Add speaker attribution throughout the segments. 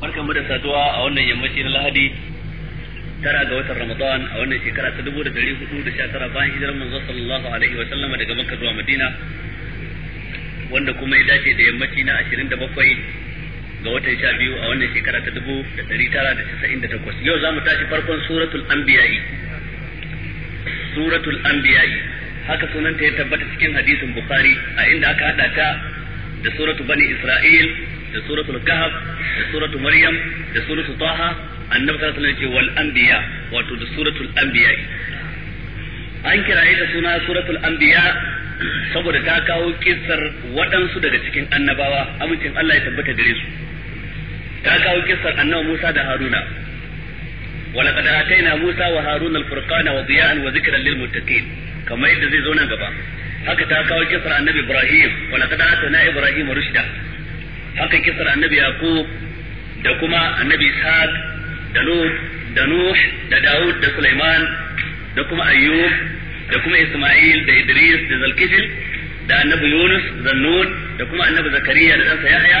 Speaker 1: barkan mu da saduwa a wannan yammaci na lahadi tara ga watan ramadan a wannan shekara ta dubu da dari hudu da sha tara bayan hijirar manzo sallallahu alaihi wa sallama daga makka zuwa madina wanda kuma ya dace da yammaci na ashirin da bakwai ga watan sha biyu a wannan shekara ta dubu da dari tara da casa'in da takwas yau za mu tashi farkon suratul anbiya'i suratul anbiya'i haka sunanta ya tabbata cikin hadisin bukhari a inda aka hada ta da suratu bani isra'il da suratul kahf da suratul maryam da suratul taha annabi sallallahu alaihi wasallam ce wal anbiya wato da suratul anbiya an kiraye da suna suratul anbiya saboda ta kawo kissar waɗansu daga cikin annabawa amincin Allah ya tabbata gare su ta kawo kissar annabi Musa da Haruna ولقد آتينا موسى وهارون الفرقان وضياء وذكرا للمتقين كما يدزي زونا غبا haka ta kawo kisar annabi Ibrahim wala kada ta na Ibrahim rushda haka kisar annabi yaqub da kuma annabi ishaq da lut da nuh da daud da sulaiman da kuma ayyub da kuma isma'il da idris da zalkifil da annabi yunus zannun da kuma annabi zakariya da ɗansa yahya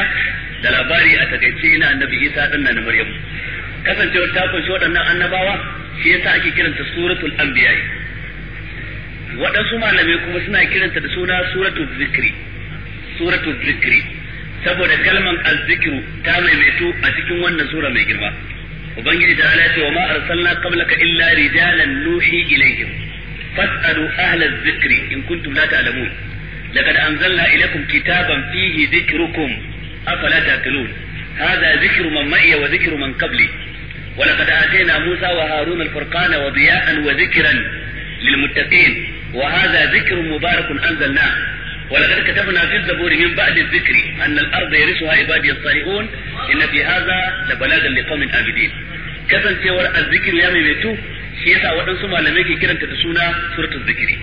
Speaker 1: da labari a takaice ina annabi isa ɗan na maryam kasancewar ta kunshi waɗannan annabawa shi yasa ake kiranta suratul anbiya waɗansu malamai kuma suna kiranta da suna suratul zikri suratul zikri saboda kalman azzikiru ta maimaito a cikin wannan sura mai girma ubangiji ta ala ce wa ma arsalna qablaka illa rijalan nuhi ilayhim fas'alu ahla azzikri in kuntum la ta'lamun laqad anzalna ilaykum kitaban fihi dhikrukum afala taqilun hadha dhikru man ma'iya wa dhikru man qabli ولقد آتينا موسى وهارون الفرقان وضياء وذكرا للمتقين وهذا ذكر مبارك أنزلناه ولقد كتبنا في الزبور من بعد الذكر أن الأرض يرثها عبادي الصالحون إن da هذا لبلاغا لقوم عابدين kasancewar azzikir ya maimaitu shi yasa waɗansu malamai ke kiranta da suna suratul zikiri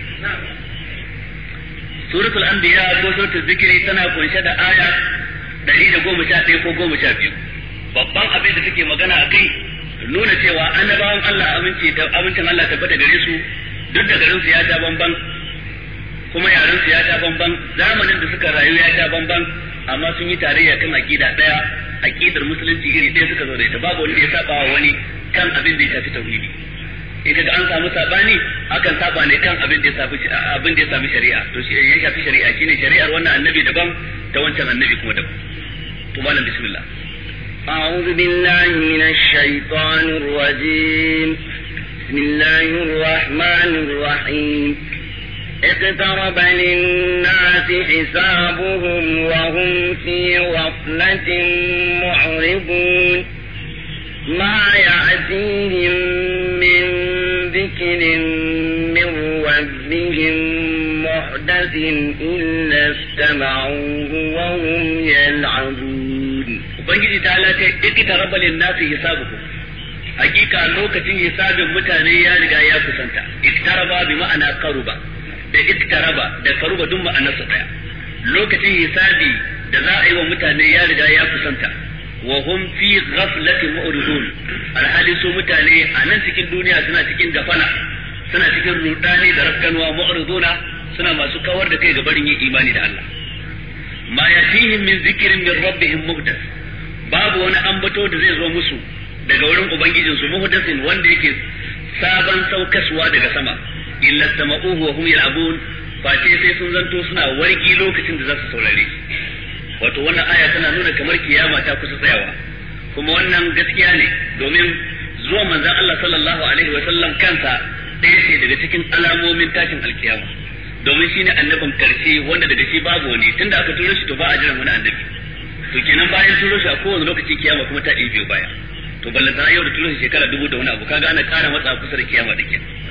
Speaker 1: suratul anbiya ko suratul zikiri tana kunshe da aya ɗari da goma sha ɗaya ko goma sha biyu babban abin da take magana a kai nuna cewa annabawan Allah aminci da amincin Allah tabbata gare su duk da garinsu ya ja bamban kuma yaren su ya ta bamban zamanin da suka rayu ya ta bamban amma sun yi tarayya kan aqida daya aqidar musulunci iri ɗaya suka zo da ita babu wanda ya saba wa wani kan abin da ya tafi tauhidi in ga an samu sabani akan saba ne kan abin da ya tafi abin da ya shafi shari'a to shi ya tafi shari'a shine shari'ar wannan annabi daban ta wancan annabi kuma daban to malam bismillah
Speaker 2: أعوذ بالله من الشيطان الرجيم بسم الله الرحمن الرحيم اقترب للناس حسابهم وهم في غفلة معرضون ما يأتيهم من ذكر من ربهم محدث إلا استمعوه وهم يلعبون وبنجد تعالى اقترب
Speaker 1: للناس حسابهم hakika lokacin hisabin mutane ya riga ya kusanta iktaraba bi ma'ana qaruba da iktaraba da karuba duk ma'anarsa daya lokacin hisabi da za a yi wa mutane ya riga ya kusanta wa hum fi ghaflatin mu'ridun alhali su mutane a nan cikin duniya suna cikin gafala suna cikin rudani da rakkanwa mu'riduna suna masu kawar da kai ga barin yin imani da Allah ma yatihim min zikrin min rabbihim muhdath babu wani ambato da zai zo musu daga wurin ubangijinsu muhdathin wanda yake sabon saukaswa daga sama illa sama'uhu wa hum yal'abun fa sai sai sun zanto suna wargi lokacin da za su saurare wato wannan aya tana nuna kamar kiyama ta kusa tsayawa kuma wannan gaskiya ne domin zuwa manzon Allah sallallahu alaihi wa sallam kansa ɗaya ce daga cikin alamomin tashin alkiyama domin shine annabin karshe wanda daga shi babu wani tunda aka turo shi to ba a jiran wani annabi to kenan bayan turo shi a kowane lokaci kiyama kuma ta ɗibe baya to ballantana yau da turo shi shekara dubu da wani abu kaga ana ƙara matsa kusa da kiyama da kenan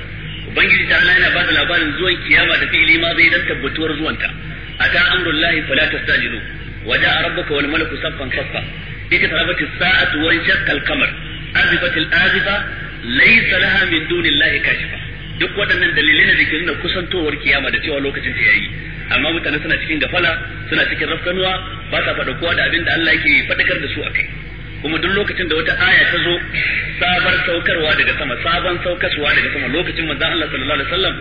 Speaker 1: ubangiji ta Allah yana labarin zuwan kiyama da fi'ili ma zai dan tabbatuwar zuwanta ata amrullahi fala tastajilu wa ja'a rabbuka wal malaku saffan saffa اقتربت الساعة وانشق القمر أزفت الآزفة ليس لها من دون الله كاشفة duk waɗannan dalilai ne da ke nuna kusantowar kiyama da cewa lokacin ta yayi amma mutane suna cikin gafala suna cikin rafkanuwa ba sa faɗa kowa da abin da Allah yake faɗakar da su akai kuma duk lokacin da wata aya ta zo sabar saukarwa daga sama sabon saukarwa daga sama lokacin manzon Allah sallallahu alaihi wasallam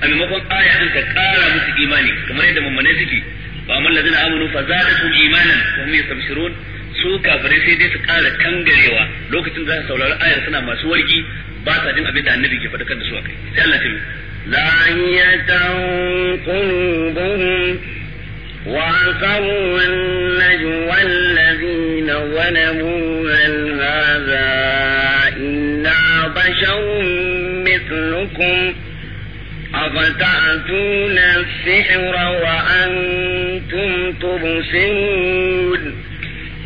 Speaker 1: a maimakon aya din ta kara musu imani kamar yadda mummune suke ba amma allazina amanu fa zadatuhum imanan wa hum yastabshirun su kafirai sai dai su kara kangarewa lokacin da za su saurari ayar suna masu wargi ba sa jin abin da annabi ke faɗakar da su akai sai Allah ya
Speaker 2: لعنية قلوبهم وعقروا النجوى الذين ظلموا مثلكم أفتأتون السحر وأنتم تبصرون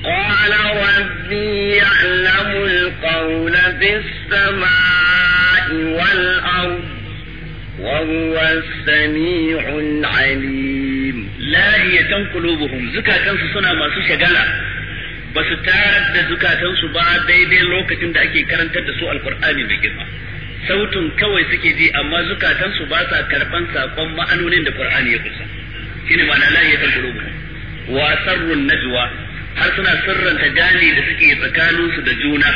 Speaker 2: قال ربي يعلم القول في السماء والأرض وهو السميع العليم
Speaker 1: لا لاهية قلوبهم زكاة سنة ما شجلة ba بس tarar زكاة سبعة دي daidai lokacin da ake تدسو القرآن su sautin kawai suke ji amma zukatansu ba sa karban sakon ma'anonin da Qur'ani ya kusa
Speaker 2: shine ma'ana la ya taburu
Speaker 1: wa sarrun najwa har suna sirranta gane da suke tsakanin su da juna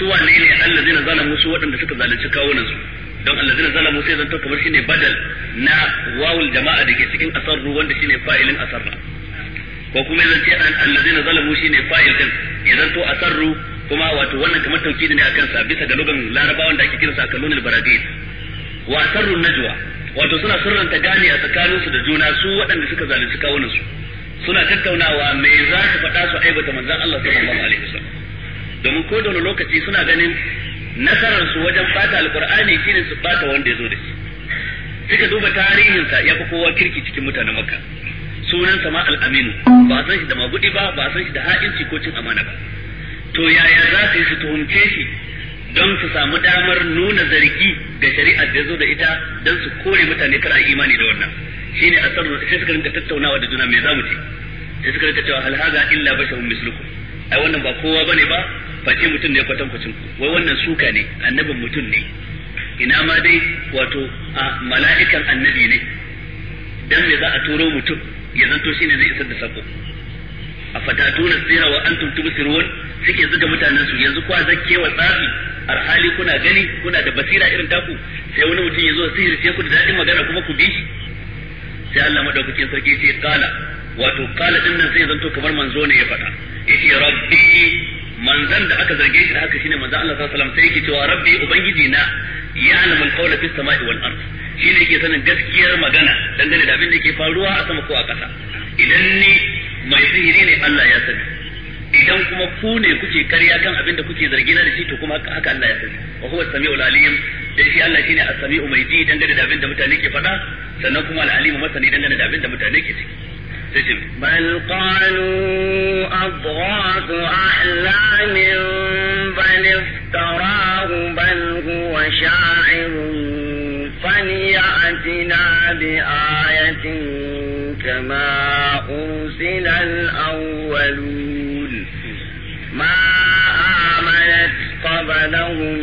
Speaker 1: su wane ne allazina zalamu su waɗanda suka zalunci kawunan su don allazina zalamu sai zanto kamar shine badal na wawul jama'a da ke cikin asarru wanda shine fa'ilin asarra ko kuma yanzu ce allazina zalamu shine fa'il din yanzu to asarru kuma wato wannan kamar tauki ne akan sa bisa ga lugan larabawan da ake kira sa kalun albaradis wa sarru najwa wato suna sirranta gani a tsakanin su da juna su waɗanda suka zalunci kawunan su suna tattaunawa me za su faɗa su aibata manzon Allah sallallahu alaihi wasallam domin ko da lokaci suna ganin nasarar su wajen bata alqur'ani shine su bata wanda ya zo da shi suka duba tarihin sa ya fi kowa kirki cikin mutanen Makka sunan ma al-Aminu ba san shi da magudi ba ba san shi da ha'inci ko cin amana ba to yaya za su yi su tuhumce shi don su samu damar nuna zargi ga shari'ar da zo da ita don su kore mutane kar a imani da wannan Shi ne a sarro sai suka rinka tattaunawa da juna me za mu ce sai suka rinka cewa hal haza illa mun misluku. ai wannan ba kowa bane ba face mutum ne kwatankwacin ku wai wannan suka ne annabin mutum ne ina ma dai wato a mala'ikan annabi ne dan me za a turo mutum ya zanto shine zai isar da sako na sirra wa antum tubsirun suke zuga mutanen su yanzu kwa zakke wa tsafi alhali kuna gani kuna da basira irin taku sai wani mutum ya zo sihirce ku da daɗin magana kuma ku bi shi sai Allah madaukakin sarki sai kala wato kala din nan sai zanto kamar manzo ne ya faɗa
Speaker 2: yace rabbi
Speaker 1: manzan da aka zarge shi da haka shine manzo Allah sallallahu alaihi wasallam sai yake cewa rabbi ubangiji na ya alamul qawla fis sama'i wal ard shine yake sanin gaskiyar magana dangane da abin da yake faruwa a sama ko a ƙasa idan ni mai sihiri ne Allah ya sani idan kuma ku ne kuke karya kan abin da kuke zargi na da shi to kuma haka Allah ya sani wa huwa samiu alim dai shi Allah shine as-sami'u mai ji dangane da abin da mutane ke faɗa sannan kuma al-alimu masani dangane da abin da mutane ke ciki
Speaker 2: بل قالوا أضغاث أحلام بل افتراه بل هو شاعر فليأتنا بآية كما أرسل الأولون قبلهم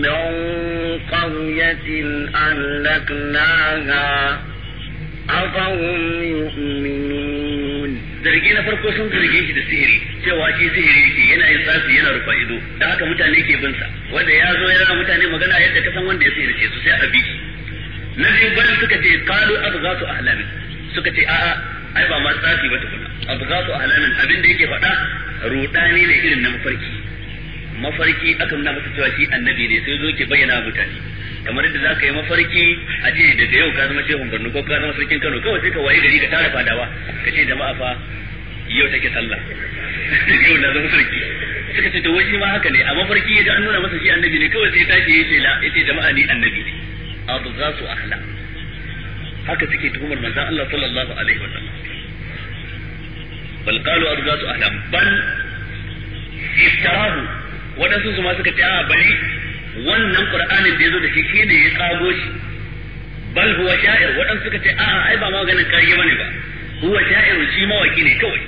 Speaker 2: من قرية أهلكناها أفهم يؤمنون zargi na farko sun zarge shi da sihiri cewa shi sihiri yake yana yin tsafi yana
Speaker 1: rufa ido da haka mutane ke sa wanda ya zo yana mutane magana yadda ka san wanda ya sihirce su sai a bi na biyu bari suka ce kalu abghatu ahlamin suka ce a'a ai ba ma tsafi ba tukuna abghatu ahlamin abin da yake faɗa rudani ne irin na mafarki mafarki cewa shi annabi ne sai zo bayyana mutane kamar yadda yi mafarki a ce daga yau ka zama shehun Borno ko ka zama sarkin Kano kawai sai ka gari ka tara fadawa ka ce jama'a fa yau take sallah yau na zama sarki suka ce to ma haka ne a mafarki ya an nuna masa shi annabi ne kawai sai tashi la yace jama'a ni annabi ne ahla haka suke tuhumar manzon Allah sallallahu alaihi wasallam waɗansu su ma suka ce a bari wannan qur'anin da yazo da shi shine ya kago shi bal huwa sha'ir waɗansu suka ce a ai ba maganin kariya bane ba huwa sha'ir shi waki ne kawai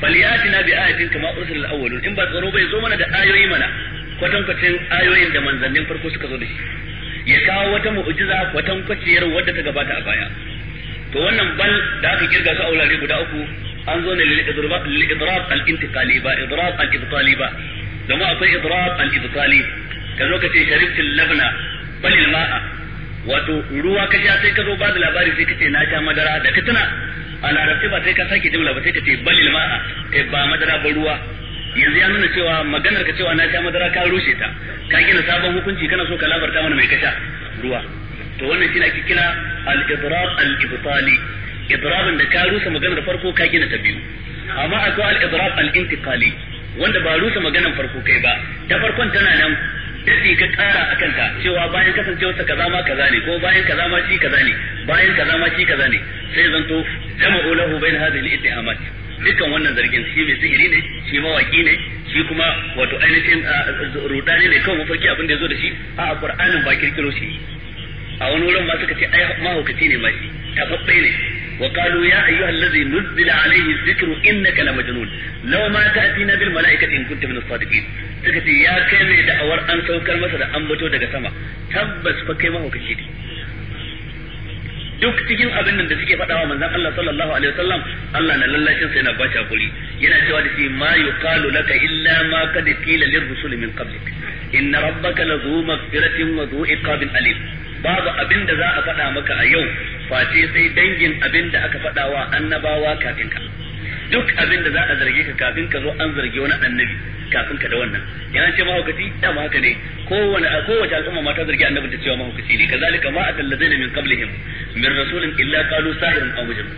Speaker 1: falyatina bi ayatin kama ursil al-awwalun in ba tsaro bai zo mana da ayoyi mana Kwatan kwatankwacin ayoyin da manzannin farko suka zo da shi ya kawo wata mu'jiza kwaciyar wadda ta gabata a baya to wannan bal da aka kirga su a wurare guda uku an zo ne lil idrab al-intiqali ba idrab al-ibtali ba zama akwai idrab al-ibtali ka zo ka ce sharibtul labna balil ma'a wato ruwa ka sha sai ka zo ba da labari sai ka ce na sha madara da ka tuna a larabci ba sai ka sake jimla ba sai ka ce balil ma'a kai ba madara ba ruwa yanzu ya nuna cewa maganar ka cewa na sha madara ka rushe ta ka gina sabon hukunci kana so ka labarta mana mai kasha ruwa to wannan shi ake kira al-idrab al-ibtali idrabin da ka rusa maganar farko ka gina ta biyu amma akwai al-idrab al-intiqali wanda ba rusa maganan farko kai ba ta farkon tana nan dadi ka kara akan ta cewa bayan kasancewarsa kaza ma kaza ne ko bayan kaza ma shi kaza ne bayan kaza ma shi kaza ne sai zanto jama'u ulahu bain hadhihi al-ittihamat dukkan wannan zargin shi mai sihiri ne shi mawaki ne shi kuma wato ainihin rudani ne kawai mafarki abin da ya zo da shi a qur'anin ba kirkiro shi a wani wurin ma suka ce ai mahaukaci ne ma shi ne وقالوا يا أيها الذي نزل عليه الذكر إنك لمجنون لو ما تأتينا بالملائكة إن كنت من الصادقين تكتي يا كيمي دعور أن سوكر مثلا أن بتو سما تبس فكيما هو كشيدي duk cikin abin nan da suke faɗawa manzon Allah sallallahu alaihi wasallam Allah na lallashin sai na bashi hakuri yana cewa da shi ma yuqalu laka illa ma qad qila lirrusul min qablik inna rabbaka lazu maghfiratin wa dhu iqabin alim babu abin da za a faɗa maka a yau face sai dangin abin da aka faɗa wa annabawa kafin ka duk abin da za a zarge ka kafin ka zo an zarge wani annabi kafin ka da wannan yana ce mahaukaci da ma haka ne kowane a kowace al'umma ma ta zargi annabi ta cewa mahaukaci ne kazalika ma atallazina min qablihim min rasulin illa qalu sahirun aw majnun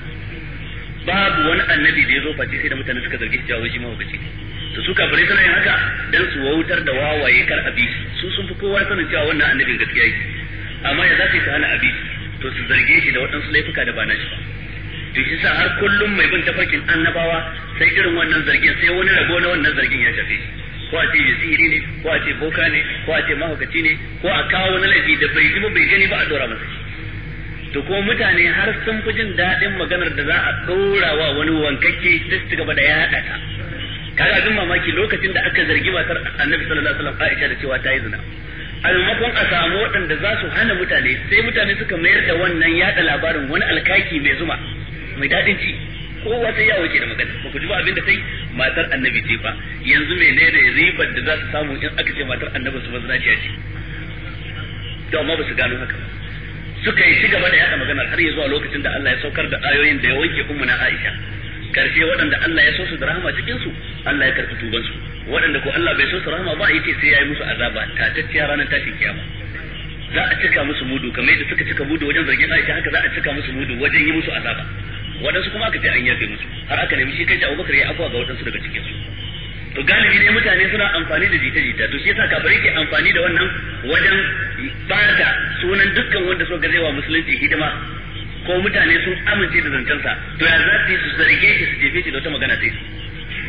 Speaker 1: babu wani annabi da ya zo face sai da mutane suka zargi cewa shi mahaukaci ne to su kafirai suna yin haka dan su wautar da wawaye kar abisi su sun fi kowa sanin cewa wannan annabin gaskiya yake amma ya zace su hana abisi to su zarge shi da waɗansu laifuka da ba na shi ba to shi sa har kullum mai bin tafarkin annabawa sai irin wannan zargin sai wani rabo na wannan zargin ya shafe ko a ce yasiri ne ko a ce boka ne ko a ce mahaukaci ne ko a kawo wani laifi da bai ji bai gani ba a dora masa to kuma mutane har sun fi jin daɗin maganar da za a ɗora wa wani wankakke ta ci gaba da yaɗa ta kaga abin mamaki lokacin da aka zargi matar annabi sallallahu alaihi wasallam Aisha da cewa ta yi zina Almakon a samu waɗanda za su hana mutane sai mutane suka mayar da wannan yada labarin wani alkaki mai zuma mai daɗin ci ko wata yawo ke da magana ba ku ji ba abin da sai matar annabi ce ba yanzu mai ne da ribar da za su samu in aka ce matar annabi su mazinaciya ce da amma ba su gano haka suka yi ci gaba da yada magana har yi zuwa lokacin da Allah ya saukar da ayoyin da ya wanke ummuna Aisha karshe waɗanda Allah ya so su da rahama cikin su Allah ya karɓi tubansu. waɗanda ko Allah bai so su rahama ba ce sai ya yi musu azaba ta tacciya ranar tashin kiyama za a cika musu mudu kamar yadda suka cika mudu wajen zargin Aisha haka za a cika musu mudu wajen yi musu azaba waɗansu kuma aka ce an yafe musu har aka nemi shi kai Abubakar ya afuwa ga waɗansu daga cikin su to galibi ne mutane suna amfani da jita-jita to shi yasa kafirai ke amfani da wannan wajen bata sunan dukkan wanda suka ga wa musulunci hidima ko mutane sun amince da zancensa to ya za su yi su zarge shi su jefe shi da wata magana sai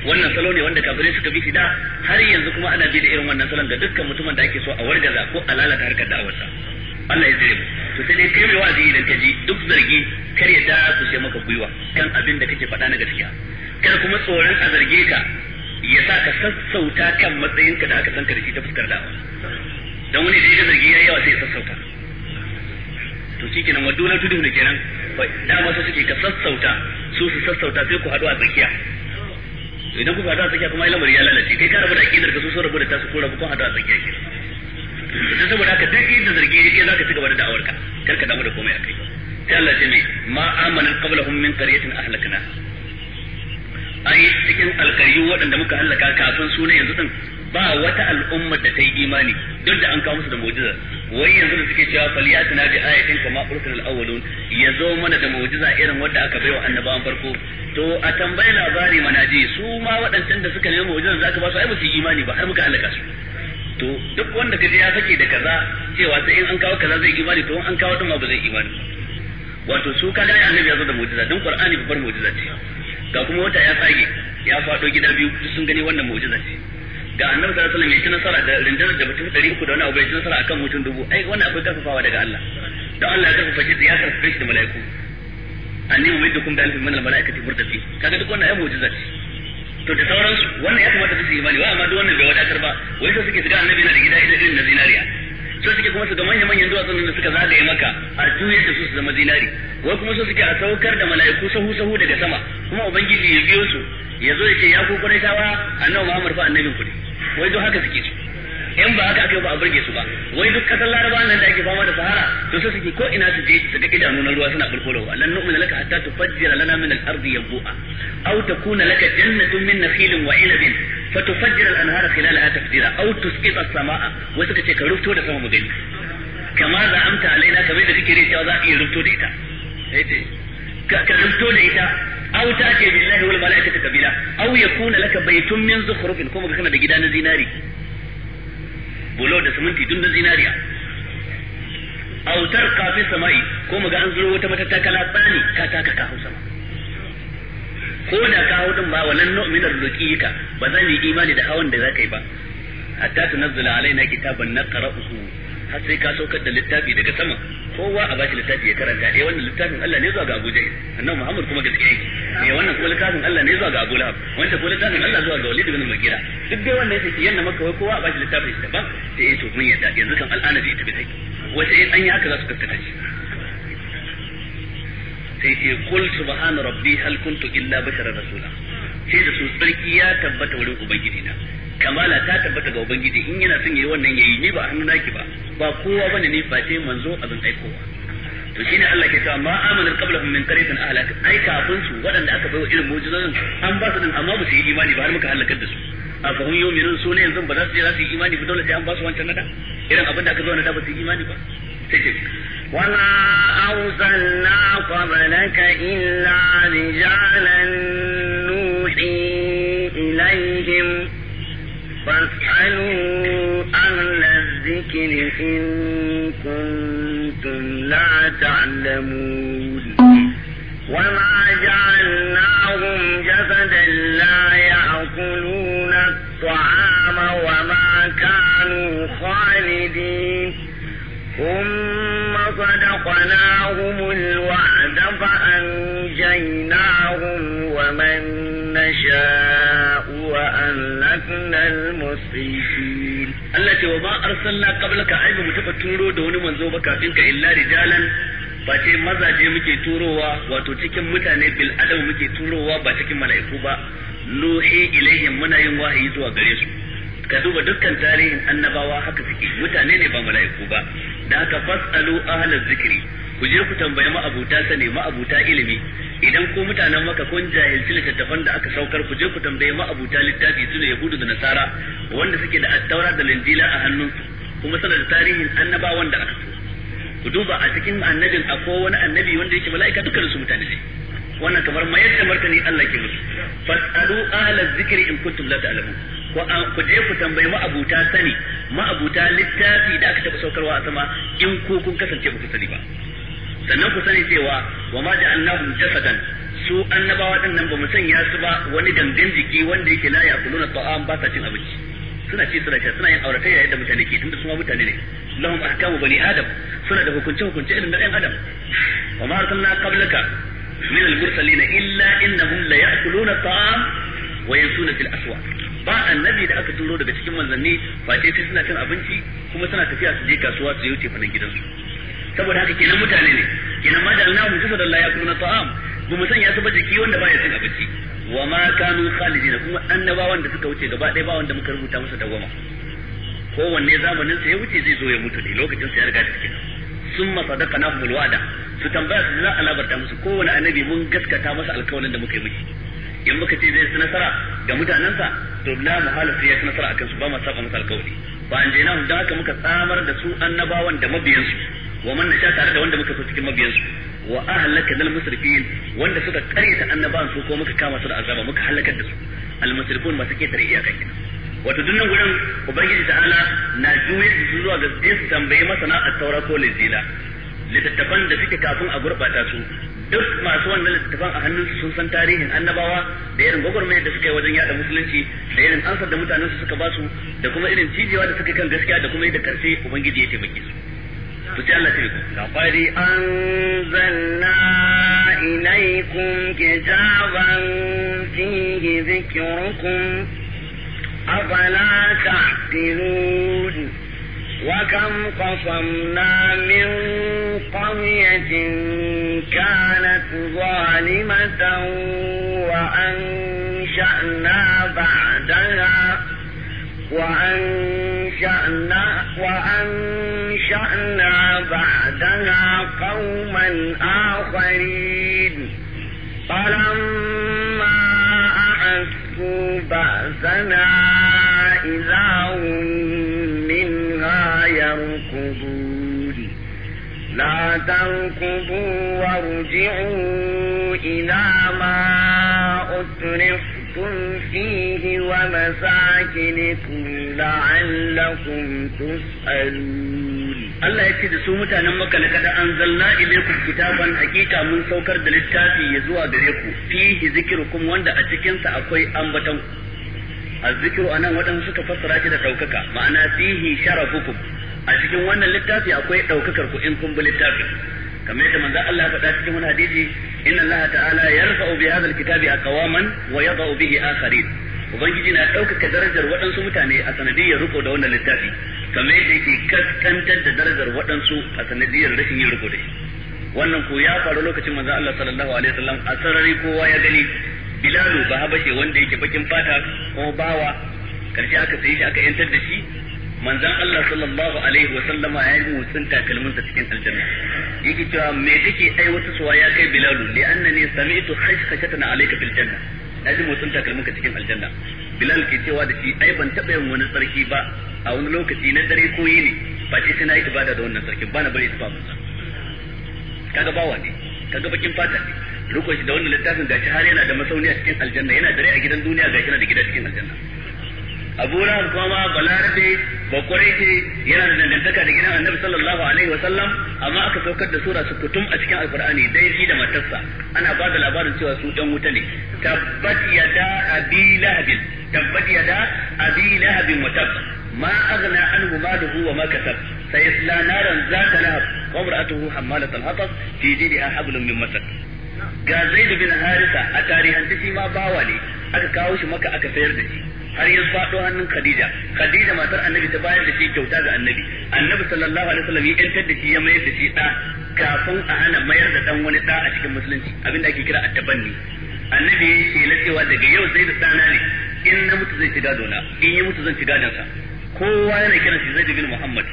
Speaker 1: wannan salo ne wanda kafirai suka bi shi da har yanzu kuma ana bi da irin wannan salon da dukkan mutumin da ake so a wargaza ko a lalata harkar da'awarsa Allah ya tsare mu to sai dai kai mai wa'azi idan ka ji duk zargi kar ya sai maka gwiwa kan abin da kake faɗa na gaskiya kar kuma tsoron a zarge ka ya sa ka sassauta kan matsayinka da aka san ka da shi ta fuskar da'awa don wani da ya zargi ya yawa sai ya sassauta to shi kenan wa dole tudu ne kenan dama su suke ka sassauta su su sassauta sai ku haɗu a tsakiya idan kuka hada tsakiya kuma lamari ya lalace kai ka rabu da akidar ka su so rabu da tasu ko rabu ko hada tsakiya ke da saboda haka duk inda zargi yake zaka ci gaba da da'awar ka kar ka damu da komai akai sai Allah ce mai ma amanan qablahum min qaryatin ahlakna ai cikin alkaryu waɗanda muka halaka kafin su ne yanzu din ba wata al'umma da ta yi imani duk da an kawo musu da mu'jiza wai yanzu da suke cewa falyatuna bi ayatin kama ursul awwalun yazo mana da mu'jiza irin wanda aka baiwa annabawan farko to a tambayi labari mana ji su ma waɗancan da suka nemi mu'jiza za ka ba su ai ba su yi imani ba har muka halaka su to duk wanda kaje ya fake da kaza cewa sai in an kawo kaza zai imani to an kawo din ma ba zai imani wato su kaga ai annabi ya zo da mu'jiza dan qur'ani babbar mu'jiza ce ga kuma wata ya tsage ya fado gida biyu sun gani wannan mu'jiza ce da annabi sallallahu alaihi wasallam ya ci nasara da rindunar da mutum ɗari uku da wani abu ya ci nasara akan mutum dubu ai wannan akwai kafafawa daga Allah da Allah ya karfafa shi ya karfafa shi da mala'iku annabi mai da kun da alfin manal mala'ikati murtafi kaga duk wannan ai mu'jiza ce to da sauransu wannan ya kamata su yi imani wai amma duk wannan bai wadatar ba wai sai suke shiga annabi na da gida irin na zinariya sai suke kuma su ga manyan manyan duwatsun da suka zagaye maka a juye da su su zama zinari wai kuma so suke a saukar da mala'iku sahu sahu daga sama kuma ubangiji ya biyo su ya zo ya ce ya annabi Muhammad fa annabin ku ne wai don haka suke su in ba haka aka ba a burge su ba wai duk kasar larabawa nan da ake fama da sahara to sai suke ko ina su je su ga idanu na ruwa suna bulbulowa lan nu'mina laka hatta tufajjira lana min al-ardi yabu'a aw takuna laka jannatun min nakhilin wa inabin fatufajjira al-anhara khilalaha tafjira aw tusqita as-samaa'a wai suka ce ka rufto da sama mu gani
Speaker 2: kama amta alaina
Speaker 1: kamar da kike cewa za a iya rufto da ita ka zanto da ita aw ta ce billahi wal malaikatu kabila aw yakuna laka baytun min zukhrufin kuma kana da gida na zinari bulo da siminti dun na zinariya aw tarqa fi samai ko mu ga an zuro wata matattakala tsani ka taka ka hausa ko da ka hau din ba wannan nu'minar ka, ba zan yi imani da hawan da zakai ba hatta tunazzala alaina kitaban naqra'uhu har sai ka saukar da littafi daga sama kowa a bashi littafi ya karanta eh wannan littafin Allah ne zuwa ga Abu Jahl annabi Muhammad kuma gaske gaskiya eh wannan kuma littafin Allah ne zuwa ga Abu Lahab wanda kuma littafin Allah zuwa ga Walid ibn Mughira duk dai wannan yake yanna maka wai kowa a bashi littafin shi daban sai eh mun yadda yanzu kan al'ana bai tafi take wata in an yi haka za su kaskata shi sai ce kul subhana rabbi hal kuntu illa basharar rasula sai da su tsarki ya tabbata wurin ubangiji na kamala ta tabbata ga ubangiji in yana son yayi wannan yayi ni ba hannu naki ba ba kowa bane ni ba sai manzo abin aikowa to shine Allah ke cewa ma amanu qablahum min qaryatin ahlak ai kafin su waɗanda aka baiwa irin mu'jizan an ba su din amma ba su yi imani ba har muka halakar da su a fa hun yuminun su ne yanzu ba za su je za su yi imani ba dole sai an ba su wancan nada irin abin da aka zo na da ba su yi imani ba sai ce وما أرسلنا
Speaker 2: قبلك إلا رجالا نوحي إليهم واسألوا أهل الذكر إن كنتم لا تعلمون وما جعلناهم جسدا لا يأكلون الطعام وما كانوا خالدين ثم صدقناهم الوعد فأنجيناهم ومن نشاء وأن Allah ce wa ma arsalna qablaka ai mu taba turo da wani manzo ba kafin
Speaker 1: ka illa rijalan ba ce mazaje muke turowa wato cikin mutane bil adam muke turowa ba cikin mala'iku ba nuhi ilaihim muna yin wahayi zuwa gare su ka duba dukkan tarihin annabawa haka suke mutane ne ba mala'iku ba da haka fasalu ahlaz zikri ku je ku tambayi sane sani abuta ilimi idan ku mutanen maka kun jahilci littattafan da aka saukar ku je ku tambaye ma littafi su ne yahudu da nasara wanda suke da attaura da linjila a hannunsu kuma suna da tarihin annabawan da aka so ku duba a cikin annabin akwai wani annabi wanda yake mala'ika dukkan su mutane ne wannan kamar mayar da martani Allah ke musu fasalu ahla zikri in kuntum la ta'lamun ko ku je ku tambayi ma'abuta sani ma'abuta littafi da aka taba saukarwa a sama in ku kun kasance ba ku sani ba sannan ku sani cewa wa ma ja'alnahum jasadan su annabawa din nan bamu sanya su ba wani gangan jiki wanda yake la ya'kuluna ta'am ba sa cin abinci suna ci suna sha suna yin auratayya yadda mutane ke tunda su ma mutane ne lahum ahkamu bani adam suna da hukunce hukunce irin na ɗan adam wa ma arsalna qablaka min al mursalina illa innahum la ya'kuluna ta'am wa yansuna fil aswa ba annabi da aka turo daga cikin manzanni fa sai suna cin abinci kuma suna tafiya su je kasuwa su yi wuce fanin gidansu saboda haka kenan mutane ne kenan ma ja'alna hum jasadan la ya ta'am ba mu sanya su ba jiki wanda baya cin abinci wa ma kanu khalidina kuma annaba wanda suka wuce gaba ɗaya ba wanda muka rubuta musu dawama kowanne zamanin sa ya wuce zai zo ya mutu ne lokacin sa ya riga da kenan summa bul wada su tambaya su za a labarta musu kowane annabi mun gaskata masa alkawarin da muka yi miki in muka ce zai su nasara ga mutanensa to la muhala sai ya su nasara akan su ba ma saba masa alkawari fa anjaynahu da haka muka tsamar da su annabawan da mabiyansu wa man nasha tare da wanda muka so cikin mabiyansu wa ahlaka dal musrifin wanda suka karyata annabawan su ko muka kama su da azaba muka halakar da su al musrifun masu ketare iyaka kenan wato dunnan gurin ubangiji ta'ala na juyar da su zuwa ga su tambaye masana a taura ko lizila littattafan da suke kafin a gurbata su duk masu wannan littattafan a hannunsu sun san tarihin annabawa da irin gwagwarmayar da suka yi wajen yada musulunci da irin ansar da mutanensu suka basu da kuma irin cijewa da suka kan gaskiya da kuma yadda karfe ubangiji ya taimake su
Speaker 2: لقد anzalna ilaykum kitaban fihi ذكركم afala تعقلون وكم قصمنا من قرية كانت ظالمة وأنشأنا بعدها وأنشأنا وأنشأنا بعدها قوما آخرين فلما أحسوا بأسنا لا تركضوا وارجعوا إلى ما أترفتم فيه ومساكنكم لعلكم تسألون Allah ya ce da su mutanen
Speaker 1: maka na kada an zalla ilaikum kitaban hakika mun saukar da littafi ya zuwa gare ku fihi zikirukum wanda a cikinsa akwai ambatanku azzikiru anan waɗansu suka fassara shi da ɗaukaka ma'ana fihi sharafukum a cikin wannan littafi akwai daukakar ku in kun bi littafi kamar yadda manzo Allah ya faɗa cikin wani hadisi
Speaker 2: inna Allah ta'ala yarfa'u bi hadha
Speaker 1: alkitabi aqwaman wa yadau bihi akharin ubangiji na daukaka darajar waɗansu mutane a sanadiyar riko da wannan littafi kamar yadda yake kaskantar da darajar waɗansu a sanadiyar rashin yin riko da wannan ko ya faru lokacin manzo Allah sallallahu alaihi wasallam a sarari kowa ya gani Bilalu ba habashe wanda yake bakin fata kuma bawa karshe aka sai shi aka yantar da shi Manzan Allah sallallahu alaihi wa sallama ya yi mutsun takalmin sa cikin aljanna yake cewa me ai wata suwa ya kai bilalu li annani sami'tu khashkhashatan alayka fil janna ya ji mutsun takalmin ka cikin aljanna bilal ke cewa da shi ai ban taɓa yin wani sarki ba a wani lokaci na dare ko yini ba ce sai na yi ibada da wannan sarki. ba na bari ba mun kaga ba ne kaga bakin fata ne rukun shi da wannan littafin gashi har yana da a cikin aljanna yana dare a gidan duniya gashi yana da gida cikin aljanna abu lahab kuma ma balarabe ba kuraishi yana da dangantaka da gidan annabi sallallahu alaihi wasallam amma aka saukar da sura su kutum a cikin alqur'ani dai shi da matarsa ana ba da labarin cewa su dan wuta ne tabbat yada abi lahab tabbat yada abi lahab wa ma aghna anhu maluhu wa ma kasab sayasla naran zata lahab wa imra'atuhu hammalat al-hatab fi jidha hablum min masad ga zaid bin harisa a tarihan shi ma bawa ne aka kawo shi maka aka sayar da shi har ya faɗo hannun Khadija Khadija matar Annabi ta bayar da shi kyauta ga Annabi Annabi sallallahu alaihi wasallam ya yantar da shi ya mayar da shi da kafin a hana mayar da dan wani da a cikin musulunci abinda ake kira at-tabanni Annabi ya ce la cewa daga yau zai da dana ne in na mutu zai shiga dona in ya mutu zan shiga dansa kowa yana kiran shi zai bin Muhammad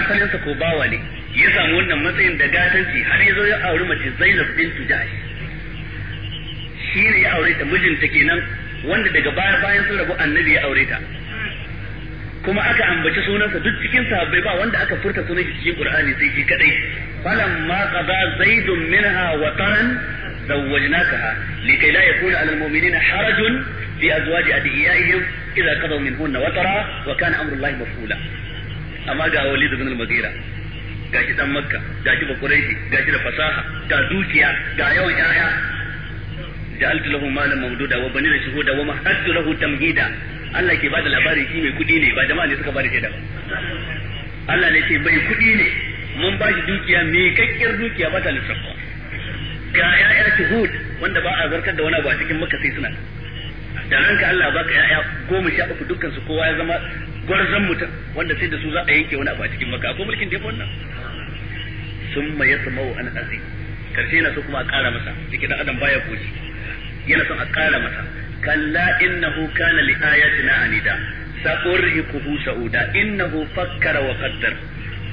Speaker 1: asalin sa ko bawa ne ya samu wannan matsayin da gatanci har ya zo ya auri mace Zainab bintu Jahsh shi ne ya aure ta mijinta kenan wanda daga baya bayan sun rabu annabi ya aure ta kuma aka ambaci sunansa duk cikin sahabbai ba wanda aka furta sunan shi cikin Qur'ani sai shi kadai falamma qada zaidun minha wa taran zawwajnakaha likay la yakuna 'alal mu'minina harajun fi azwaji adiyaihim idza qadaw minhunna wa tara wa kana amru Allahi maf'ula amma ga Walid ibn al-Mughira gashi dan Makka gashi bakuraishi gashi da fasaha ga dukiya ga yawan yaya جعلت له مالا mamduda وبنينا شهودا shuhuda له تمهيدا الله tamhida Allah ke bada labari shi mai kudi ne ba jama'a ne suka bada shaida ba Allah ne ce bai دوكيا ne mun ba dukiya mai kakkiyar dukiya ba ta lissafa ga ya'ya shuhud wanda ba a da wani abu a cikin maka sai suna
Speaker 3: Allah baka ya'ya
Speaker 1: goma sha uku su kowa ya zama gwarzon mutum wanda sai da su za a yanke wani abu a cikin maka ko mulkin da wannan sun ma yasmau an azim karshe na so kuma a kara masa cikin adam baya koshi yana son a ƙara masa kalla innahu kana li ayatina anida sa'urhiquhu sa'uda innahu fakkara wa qaddar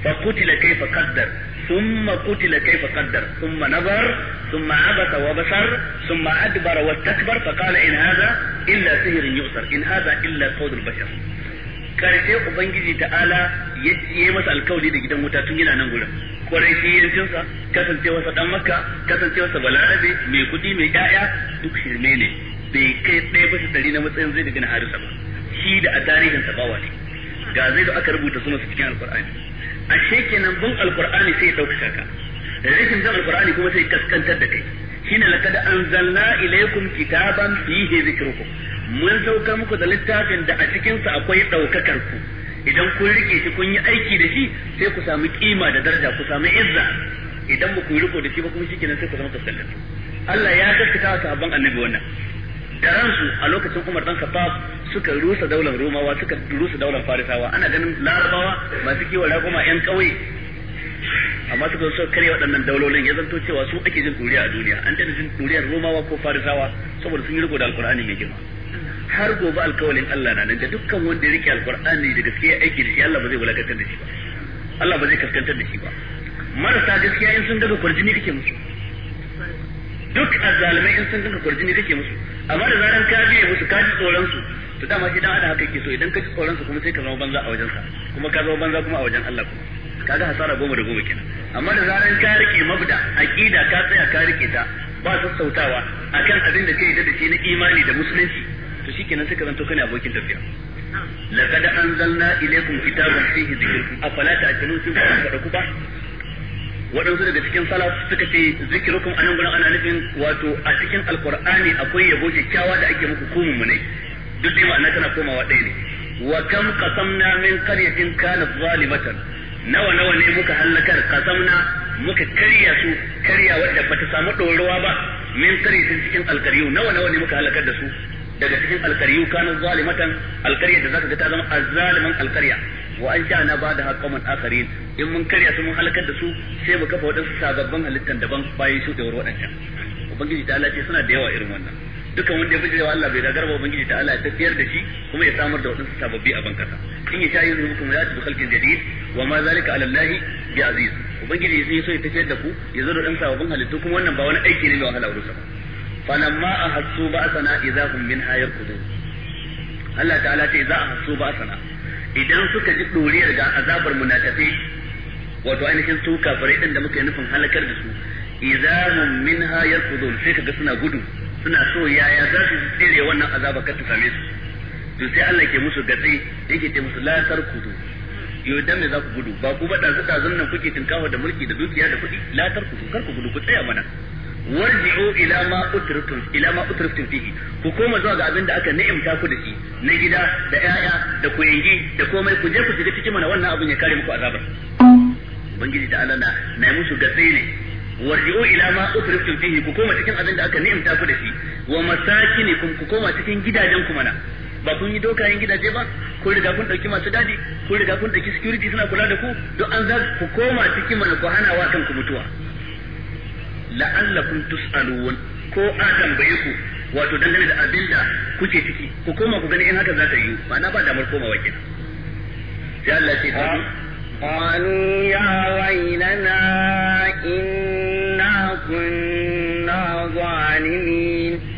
Speaker 1: fa qutila kayfa qaddar ثم قتل كيف قدر ثم نظر ثم عبس وبصر ثم أدبر واستكبر فقال إن هذا إلا سهر يؤثر إن هذا إلا قول البشر karshe ubangiji ta'ala ya yi masa alkawari da gidan wuta tun yana nan gurin shi ƙwararriyancinsa kasancewarsa dan makka kasancewarsa balarabe mai kuɗi mai ɗaya duk shirme ne bai kai ɗaya bisa ɗari na matsayin zai daga harisa ba shi da a tarihinsa bawa ne ga zai da aka rubuta suna su cikin alƙur'ani ashe kenan bin alƙur'ani sai ya ɗaukaka ka rashin bin alƙur'ani kuma sai kaskantar da kai shi shine an zanna ilaykum kitaban fihi dhikrukum mun sauka muku da littafin da a cikinsa akwai ɗaukakar ku idan kun rike shi kun yi aiki da shi sai ku samu kima da daraja ku samu izza idan ba ku riko da shi ba kuma kenan sai ku zama kasallan Allah ya gaskata wa sahabban annabi wannan da ransu a lokacin Umar dan Khattab suka rusa daular Romawa suka rusa daular Farisawa ana ganin Larabawa masu kiwon raguma yan kauye amma suka so kare waɗannan daulolin ya zanto cewa su ake jin duriya a duniya an jin duriyar Romawa ko Farisawa saboda sun yi riko da Alkur'ani mai girma har gobe alkawalin Allah na nan da dukkan wanda ya rike alqur'ani da gaskiya aiki da shi Allah ba zai wulakantar da shi ba Allah ba zai kaskantar da shi ba marasa gaskiya in sun daga kwarjini kake musu duk azalmai in sun daga kwarjini kake musu amma da zaran ka biye musu ka ji tsoron su to dama shi dan adam haka yake so idan ka ji tsoron su kuma sai ka zama banza a wajen sa kuma ka zama banza kuma a wajen Allah kuma kaga hasara goma da goma kenan amma da zaran ka rike mabda aqida ka tsaya ka rike ta ba sassautawa akan abin da kai da shi na imani da musulunci to shikenan sai ka zanto kana abokin tafiya laqad anzalna ilaykum kitaban fihi dhikrukum afala ta'qilun sun ka ku ba waɗansu daga cikin salaf suka ce zikirukum anan gurin ana nufin wato a cikin alqur'ani akwai yabo kyakkyawa da ake muku kumun mu ne duk dai ma'ana tana komawa ɗaya ne wa kam qasamna min qaryatin kanat zalimatan nawa nawa ne muka halakar qasamna muka karya su karya wadda bata samu ɗorawa ba min qaryatin cikin alqaryu nawa nawa ne muka halakar da su daga cikin alkaryu kana zalimatan alkarya da zaka ga ta zama azzaliman wa an na bada akharin in mun karya su mun halakar da su sai mu kafa wadansu sababbin halittan daban bayan ubangiji ta Allah ce suna da yawa irin wannan dukan wanda ya bi da Allah bai dagar ubangiji ta Allah ya tafiyar da shi kuma ya samar da wadansu sababbi a in ya shayi zuwa ya jadid wa ma zalika ala Allah bi aziz ubangiji so ya tafiyar da ku ya zo dan sababbin halittu kuma wannan ba wani aiki ne mai wahala wurin sa falamma ahassu ba'sana idza hum minha yarkudun Allah ta'ala ce za a hasu sana idan suka ji doriyar ga azabar munafikai wato ainihin su kafirai din da muka yi nufin halakar da su idza hum minha yarkudun sai kaga suna gudu suna so yaya za su tsire wannan azaba kar ta same su to sai Allah ke musu gatsi yake ce musu lasar tarkudu yau dan me za ku gudu ba ku ba dazu dazun nan kuke tinkawa da mulki da dukiya da kuɗi la kudu kar ku gudu ku tsaya mana warji'u ila ma utriftum ila ma utriftum fihi ku koma zuwa ga abin da aka ni'imta ku da shi na gida da yaya da kuyangi da komai ku je ku shiga cikin mana wannan abin ya kare muku azaba ubangiji ta alana na yi musu gatsai ne warji'u ila ma utriftum fihi ku koma cikin abin da aka ni'imta ku da shi wa masakinikum ku koma cikin gidajen ku mana ba kun yi dokayen gidaje ba kun riga kun dauki masu dadi kun riga kun dauki security suna kula da ku duk an za ku koma cikin mana ku hana wa kanku mutuwa la'allakum tus'alun ko a tambaye ku wato dangane da abin da kuke ciki ku koma ku gani in haka za ta yi ba na ba damar komawa
Speaker 2: kenan sai Allah ce قالوا يا ويلنا إنا kunna ظالمين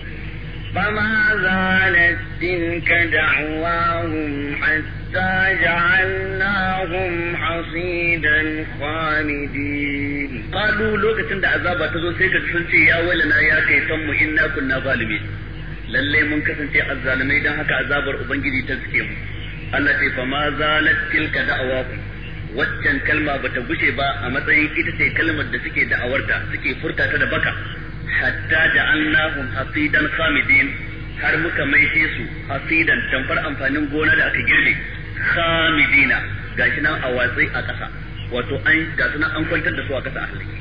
Speaker 2: فما زالت تلك دعواهم حتى جعلناهم حصيدا خالدين قالوا لوكتن da azaba tazo sai ka sun ce ya wailana ya kai san mu inna kunna
Speaker 1: zalimin lalle mun kasance azzalimai dan haka azabar ubangiji ta suke mu Allah ce fa ma zalat tilka da'awahum waccan kalma bata bushe ba a matsayin ita ce kalmar da suke da'awarta suke furta ta da baka hatta ja'alnahum hasidan khamidin har muka maishe su hasidan tamfar amfanin gona da aka girbe
Speaker 3: khamidina
Speaker 1: gashi nan a watsi a ƙasa wato an ga suna an kwantar da su a ƙasa a halaki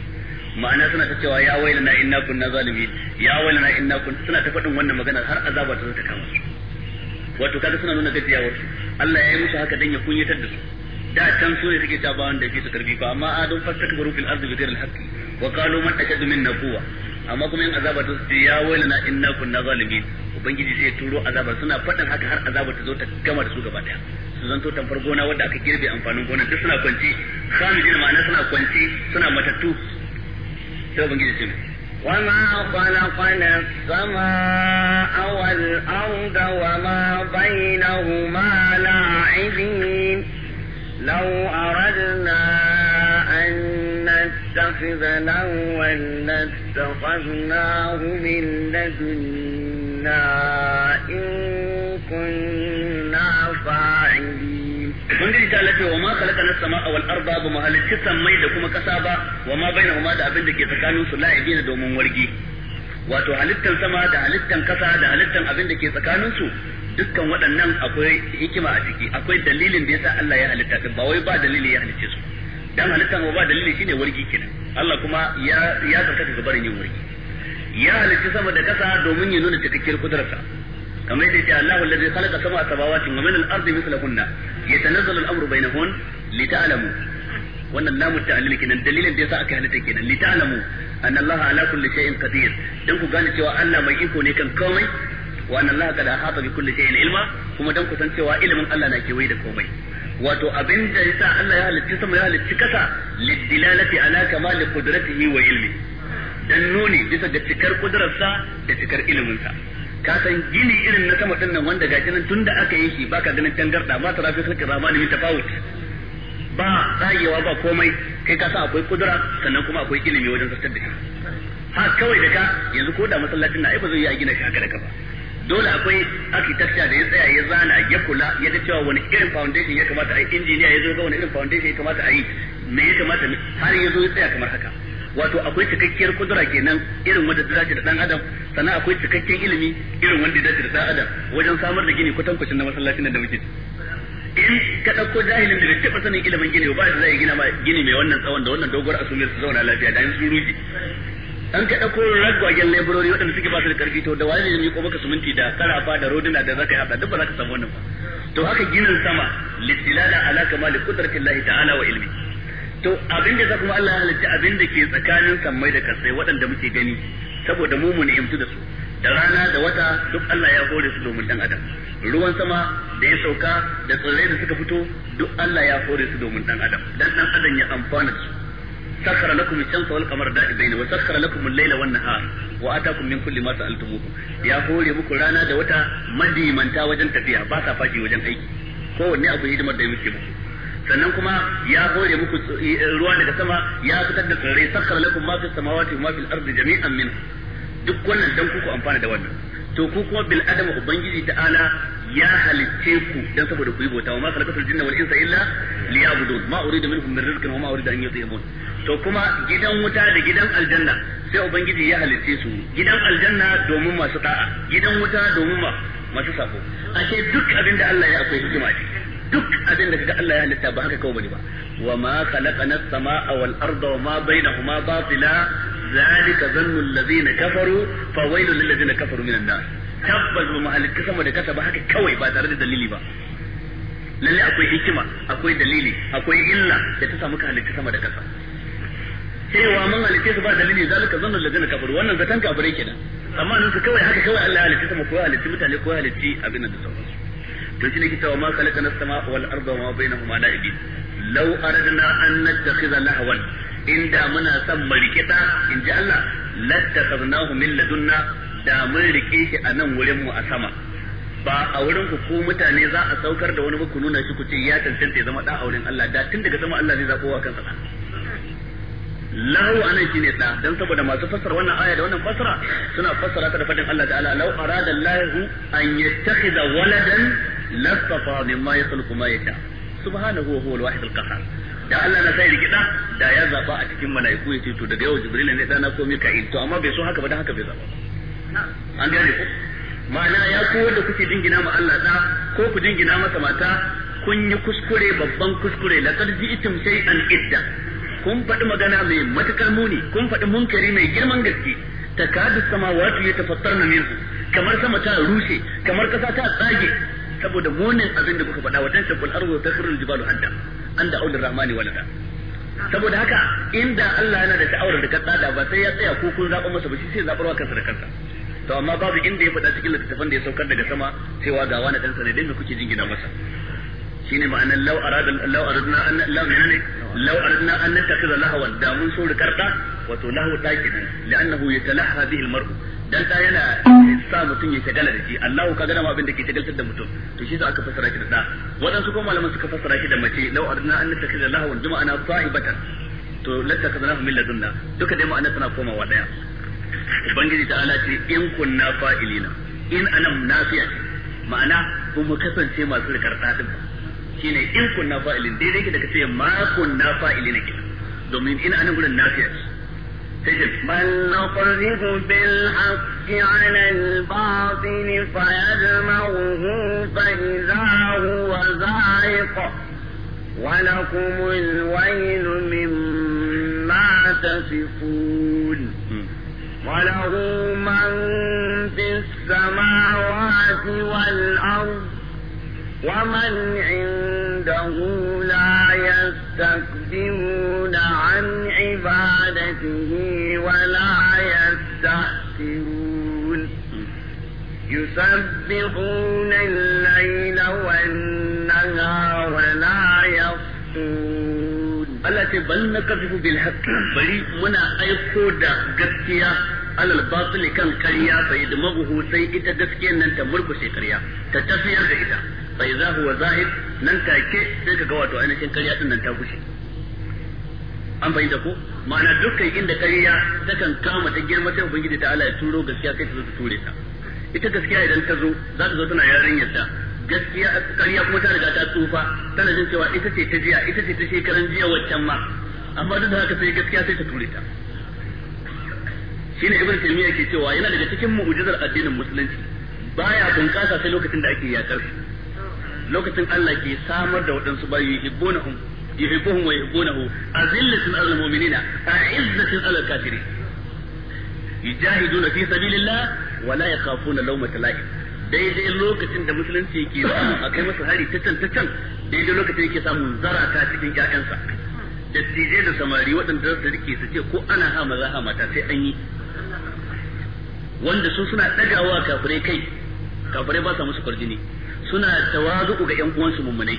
Speaker 1: ma'ana suna ta cewa ya wailana inna kunna zalimin ya wailana inna kun suna ta faɗin wannan magana har azaba ta zo ta kama su wato kaga suna nuna gajiya wasu Allah ya yi musu haka dan ya kunyatar da su da can su ne suke ta ba wanda ya su karbi ba amma adon fasaka fil ardi bi ghairi al-haqqi wa qalu man ashaddu minna quwwa amma kuma yin azabar ta su ya na inna kunna zalimin ubangiji zai turo azabar suna faɗin haka har azabar ta zo ta gama da su gaba daya su zanto tamfar gona wanda aka girbe amfanin gona duk suna kwanci jin ma'ana suna kwanci suna matattu sai ubangiji ce
Speaker 2: وما خلقنا السماء والأرض وما بينهما لاعبين لو أردنا نتخذ لهوا لاتخذناه من لدنا إن كنا فاعلين
Speaker 1: Ubangiji ta lafi wa ma khalaqa as-sama'a wal arda ba mahalicci sammai da kuma kasa ba wa ma bainahuma da abin da ke tsakanin su la'ibina domin wargi wato halittan sama da halittan kasa da halittan abin da ke tsakaninsu dukkan waɗannan akwai hikima a ciki akwai dalilin da yasa Allah ya halitta ba wai ba dalili ya halicce su dan halitta ma ba dalili shine wargi kenan Allah kuma ya ya tsarkaka gabarin yin wargi ya halitta sama da kasa domin ya nuna cikakkiyar kudurarsa kamar yadda ya Allahu allazi khalaqa sab'a samawati wa min al-ardi mithlahunna yatanazzalu al-amru bainahun lita'lamu wannan lamu ta'lil kenan dalilin da yasa aka halitta kenan lita'lamu anna Allah ala kulli shay'in qadir dan ku gane cewa Allah mai iko ne kan komai wa anna Allah qad ahata bi kulli shay'in ilma kuma dan ku san cewa ilimin Allah na kewaye da komai wato abin da yasa Allah ya halicci sama ya halicci kasa lidilalati ala kamal qudratihi wa ilmi dan nuni bisa ga cikar kudrarsa da cikar iliminsa ka san gini irin na sama dinnan wanda gashi nan tunda aka yi shi baka ganin tangarda ma tarafi sulkin ramani min tafawut ba tsagewa ba komai kai ka san akwai kudura sannan kuma akwai ilimi wajen zartar da shi
Speaker 3: ha kawai da ka
Speaker 1: yanzu ko da masallacin na ai ba zai yi a gina shi haka da ka ba dole akwai architecture da ya tsaya ya zana ya kula ya ga cewa wani irin foundation ya kamata a yi engineer ya zo ga wani irin foundation ya kamata a yi me ya kamata har ya zo ya tsaya kamar haka wato akwai cikakkiyar kudura kenan irin wanda ta dace da dan adam sannan akwai cikakken ilimi irin wanda ta dace da dan adam wajen samar da gini kwatankwacin na masallacin da muke in ka dauko jahilin da bai taɓa sanin ilimin gini ba da zai gina ma gini mai wannan tsawon da wannan dogor asumir su zauna lafiya da yanzu ruji an ka ɗauko ragwagen laborori waɗanda suke ba su da karfi to da waye ne ko baka suminti da karafa da roduna da zaka haɗa duk ba za ka samu wannan ba to haka ginin sama litilala ala kamali qudratillahi ta'ala wa ilmi to abin da kuma Allah ya halitta abin da ke tsakanin sammai da kasai waɗanda muke gani saboda mu mu imtu da su da rana da wata duk Allah ya hore su domin dan adam ruwan sama da ya sauka da tsirrai da suka fito duk Allah ya hore su domin dan adam dan dan adam ya amfana su سخر لكم الشمس والقمر دائبين وسخر لكم الليل والنهار واتاكم من كل ما سالتموه يا كوري muku rana da wata madimanta wajen tafiya ba sa fashi wajen aiki kowanne abu hidimar da yake muku sannan kuma ya hore muku eh, ruwa daga sama ya fitar da tsirrai sakhara lakum ma fis samawati ma fil ardi jami'an min duk wannan dan kuku amfana da wannan to ku kuma bil adama ubangiji ta'ala ya halicce ku dan saboda ku yi bota wa ma khalaqatul jinna wal insa illa liya'budun ma uridu minhum min rizqin wa ma uridu an yut'imun to kuma gidan wuta da gidan aljanna sai ubangiji ya halitte su gidan aljanna domin masu da'a gidan wuta domin masu sako ashe duk abin da Allah ya akwai hikima ce duk abin da kaga Allah ya halitta ba haka kawai bane ba wa ma khalaqana as-samaa wal arda wa ma bainahuma batila zalika dhannu alladhina kafaru fa wailul lil ladina kafaru minan nar tabbas ba mahalicci sama da kasa ba haka kawai ba tare da dalili ba lalle akwai hikima akwai dalili akwai illa da ta samu ka halitta sama da kasa
Speaker 2: cewa mun halice su
Speaker 1: ba dalili zalika zannu ladina kafaru wannan zatan kafare kenan amma nan su kawai haka kawai Allah ya halice mu ko ya mutane ko ya abin da sauransu to shi ne ke cewa ma khalaqana as-samaa wal arda wa ma bainahuma la'ibin law aradna an nattakhidha lahwan inda muna son mu rike da in ji Allah lattakhadnahu min ladunna da mun rike shi a nan wurin mu a sama ba a wurin ku ko mutane za a saukar da wani ba ku nuna shi ku ce ya tantance zama da a wurin Allah da tun daga sama Allah zai zabo wa kansa lahu anan shine da dan saboda masu fassara wannan aya da wannan fassara suna fassara ta da fadin Allah ta'ala law arada Allahu an yattakhidha waladan lastafa mimma yakhluqu ma yata subhanahu wa huwa al-wahid al-qahhar da Allah na sai rigida da ya zaba a cikin malaiku yace to daga yau Jibril ne dana ko Mika'il to amma bai so haka ba dan haka bai zaba an gane ko ma'ana ya ku da kuke dingina ma Allah da ko ku dingina masa mata kun yi kuskure babban kuskure laqad ji'tum shay'an idda kun faɗi magana mai matuƙar muni kun faɗi munkari mai girman gaske sama ya samawati na minsu kamar sama ta rushe kamar kasa ta tsage saboda munin abin da kuka faɗa wa tantan kul arzu takhrul jibalu hadda an da aulir rahmani walada saboda haka inda Allah yana da ta'awar da da ba sai ya tsaya ko kun zaba masa ba shi sai wa kansa da kansa to amma babu inda ya faɗa cikin littattafan da ya saukar daga sama cewa ga wani dan sanadin da kuke jingina masa shine ma'anar law arada law aradna an law menene law aradna an nattakhidha lahwan da mun so rikarta wato lahu dakinan li'annahu yatalaha bihi al-mar'u dan da yana sa mutum ya shagala da shi Allahu ka dama abin da ke shagaltar da mutum to shi sa aka fassara shi da da wadansu kuma malaman suka fassara shi da mace law aradna an nattakhidha lahwan bi ma'ana sahibatan to lattakhadnahu min ladunna duka dai ma'anar tana komawa daya ubangiji ta ala ce in kunna fa'ilina in anam nafiya ma'ana kuma mu kasance masu rikarta din shine in kunna fa'ilin daidai ke da kace ma kunna fa'ilin ke domin ina anan gurin nafiya
Speaker 2: sai man naqrihu bil haqqi 'ala al batil fa yadmahu fa idha huwa za'iq wa lakum al wayl mimma tasifun وله من في السماوات والأرض ومن عنده لا يستكبرون عن عبادته ولا يستحسرون يسبحون الليل والنهار ولا يفتون Allah ce bal na kafifu bil bari muna aiko da gaskiya alal basilikan karya bai da maguhu
Speaker 1: sai ita nan ta ta tafiyar da ita fa idza huwa zahid nan take sai kaga wato ainihin ƙarya din nan ta gushe an fahimta ko ma'ana dukkan inda ƙarya kan kama ta girma sai ubangiji ta Allah ya turo gaskiya kai ta zo ta ture ta ita gaskiya idan ta zo za ta zo tana yarinyar ta gaskiya ƙarya kuma ta riga ta tsufa tana jin cewa ita ce ta jiya ita ce ta shekaran jiya waccan ma amma duk da haka sai gaskiya sai ta ture ta shine ibn taymiya ke cewa yana daga cikin mu'jizar addinin musulunci baya bunƙasa sai lokacin da ake yakar shi lokacin Allah ke samar da waɗansu yi yi yuhibbunahum yuhibbuhum wa yuhibbunahu azillatin alal mu'minina a'izzatin alal kafirin yujahiduna fi sabilillah wala la yakhafuna lawmata la'im daidai lokacin da musulunci ke samu a kai masa hari ta can ta can daidai lokacin yake samun zarata cikin ƴaƴansa dattijai da samari waɗanda za rike su ce ko ana ha maza ha mata sai an yi wanda su suna ɗagawa kafirai kai kafirai ba sa musu kwarjini suna tawazu ga yan uwansu mummunai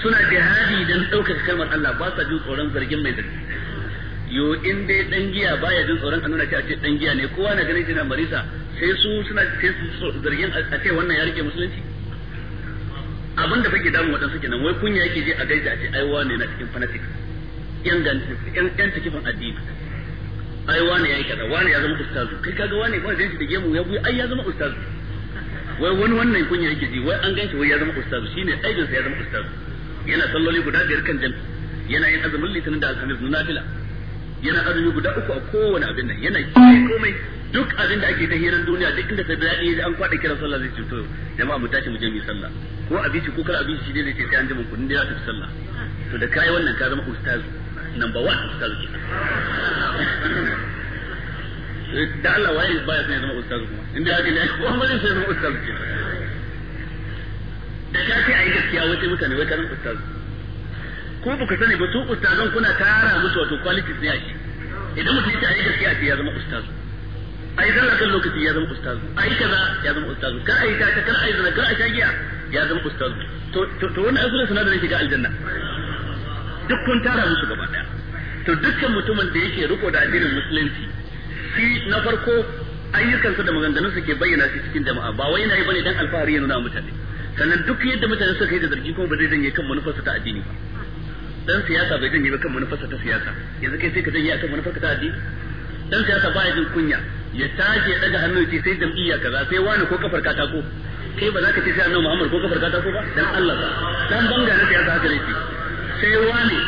Speaker 1: suna jihadi dan ɗaukaka kalmar Allah ba sa jin tsoron zargin mai zargi yo in dai dan giya baya jin tsoron a ce a ce dan giya ne kowa na ganin yana marisa sai su suna sai su zargin a ce wannan ya rike musulunci abin da fake damu wadansu kenan wai kunya yake je a gaida a ce ai wane na cikin fanatic yan yan yan cikin addini ai wane yayi kaza wane ya zama ustazu kai kaga wane ba zai shi da gemu ya buyi ai ya zama ustazu wai wani wannan kunya yake ji wai an ganshi wai ya zama ustazu shine sa ya zama ustazu yana salloli guda biyar kan jami yana yin azumin litinin da alhamis na nafila yana azumi guda uku a kowane abin nan yana kiyaye komai duk abin da ake ta hirar duniya duk inda sai daɗi an kwada kiran sallah zai ce jama'a mu tashi mu je mu sallah ko abinci ko kar abinci shi zai ce sai an jima mun kudin da za ta sallah to da kai wannan ka zama ustazu number 1 ustazu da Allah waye baya son ya zama ustaz kuma inda ya gani ko amma zai zama ustaz ke
Speaker 3: da ka ce ai gaskiya
Speaker 1: wace mutane wai karin ustaz ko baka sani ba su ustazan kuna kara musu wato qualities ne ake. idan mutum ya ce ai gaskiya ya zama ustaz ai zalla kan lokaci ya zama ustaz ai kaza ya zama ustaz kar ai ta kar ai zalla kar ai ta ya zama ustaz to to wannan azura sanadarin shiga aljanna
Speaker 3: duk kun tara
Speaker 1: musu gaba daya to dukkan mutumin da yake riko da addinin musulunci shi na farko ayyukansa da maganganunsa ke bayyana shi cikin jama'a ba wai yana yi bane dan alfahari ya nuna mutane sannan duk yadda mutane suka yi da zargi kuma ba zai janye kan manufarsa ta addini ba dan siyasa bai janye ba kan manufarsa ta siyasa yanzu kai sai ka janye akan manufarka ta addini dan siyasa baya jin kunya ya tashi ya daga hannu ce sai jam'iyya kaza sai wani ko kafar katako kai ba za ka ce sai annabi Muhammad ko kafar katako ba dan Allah ba dan banga na siyasa haka ne sai wani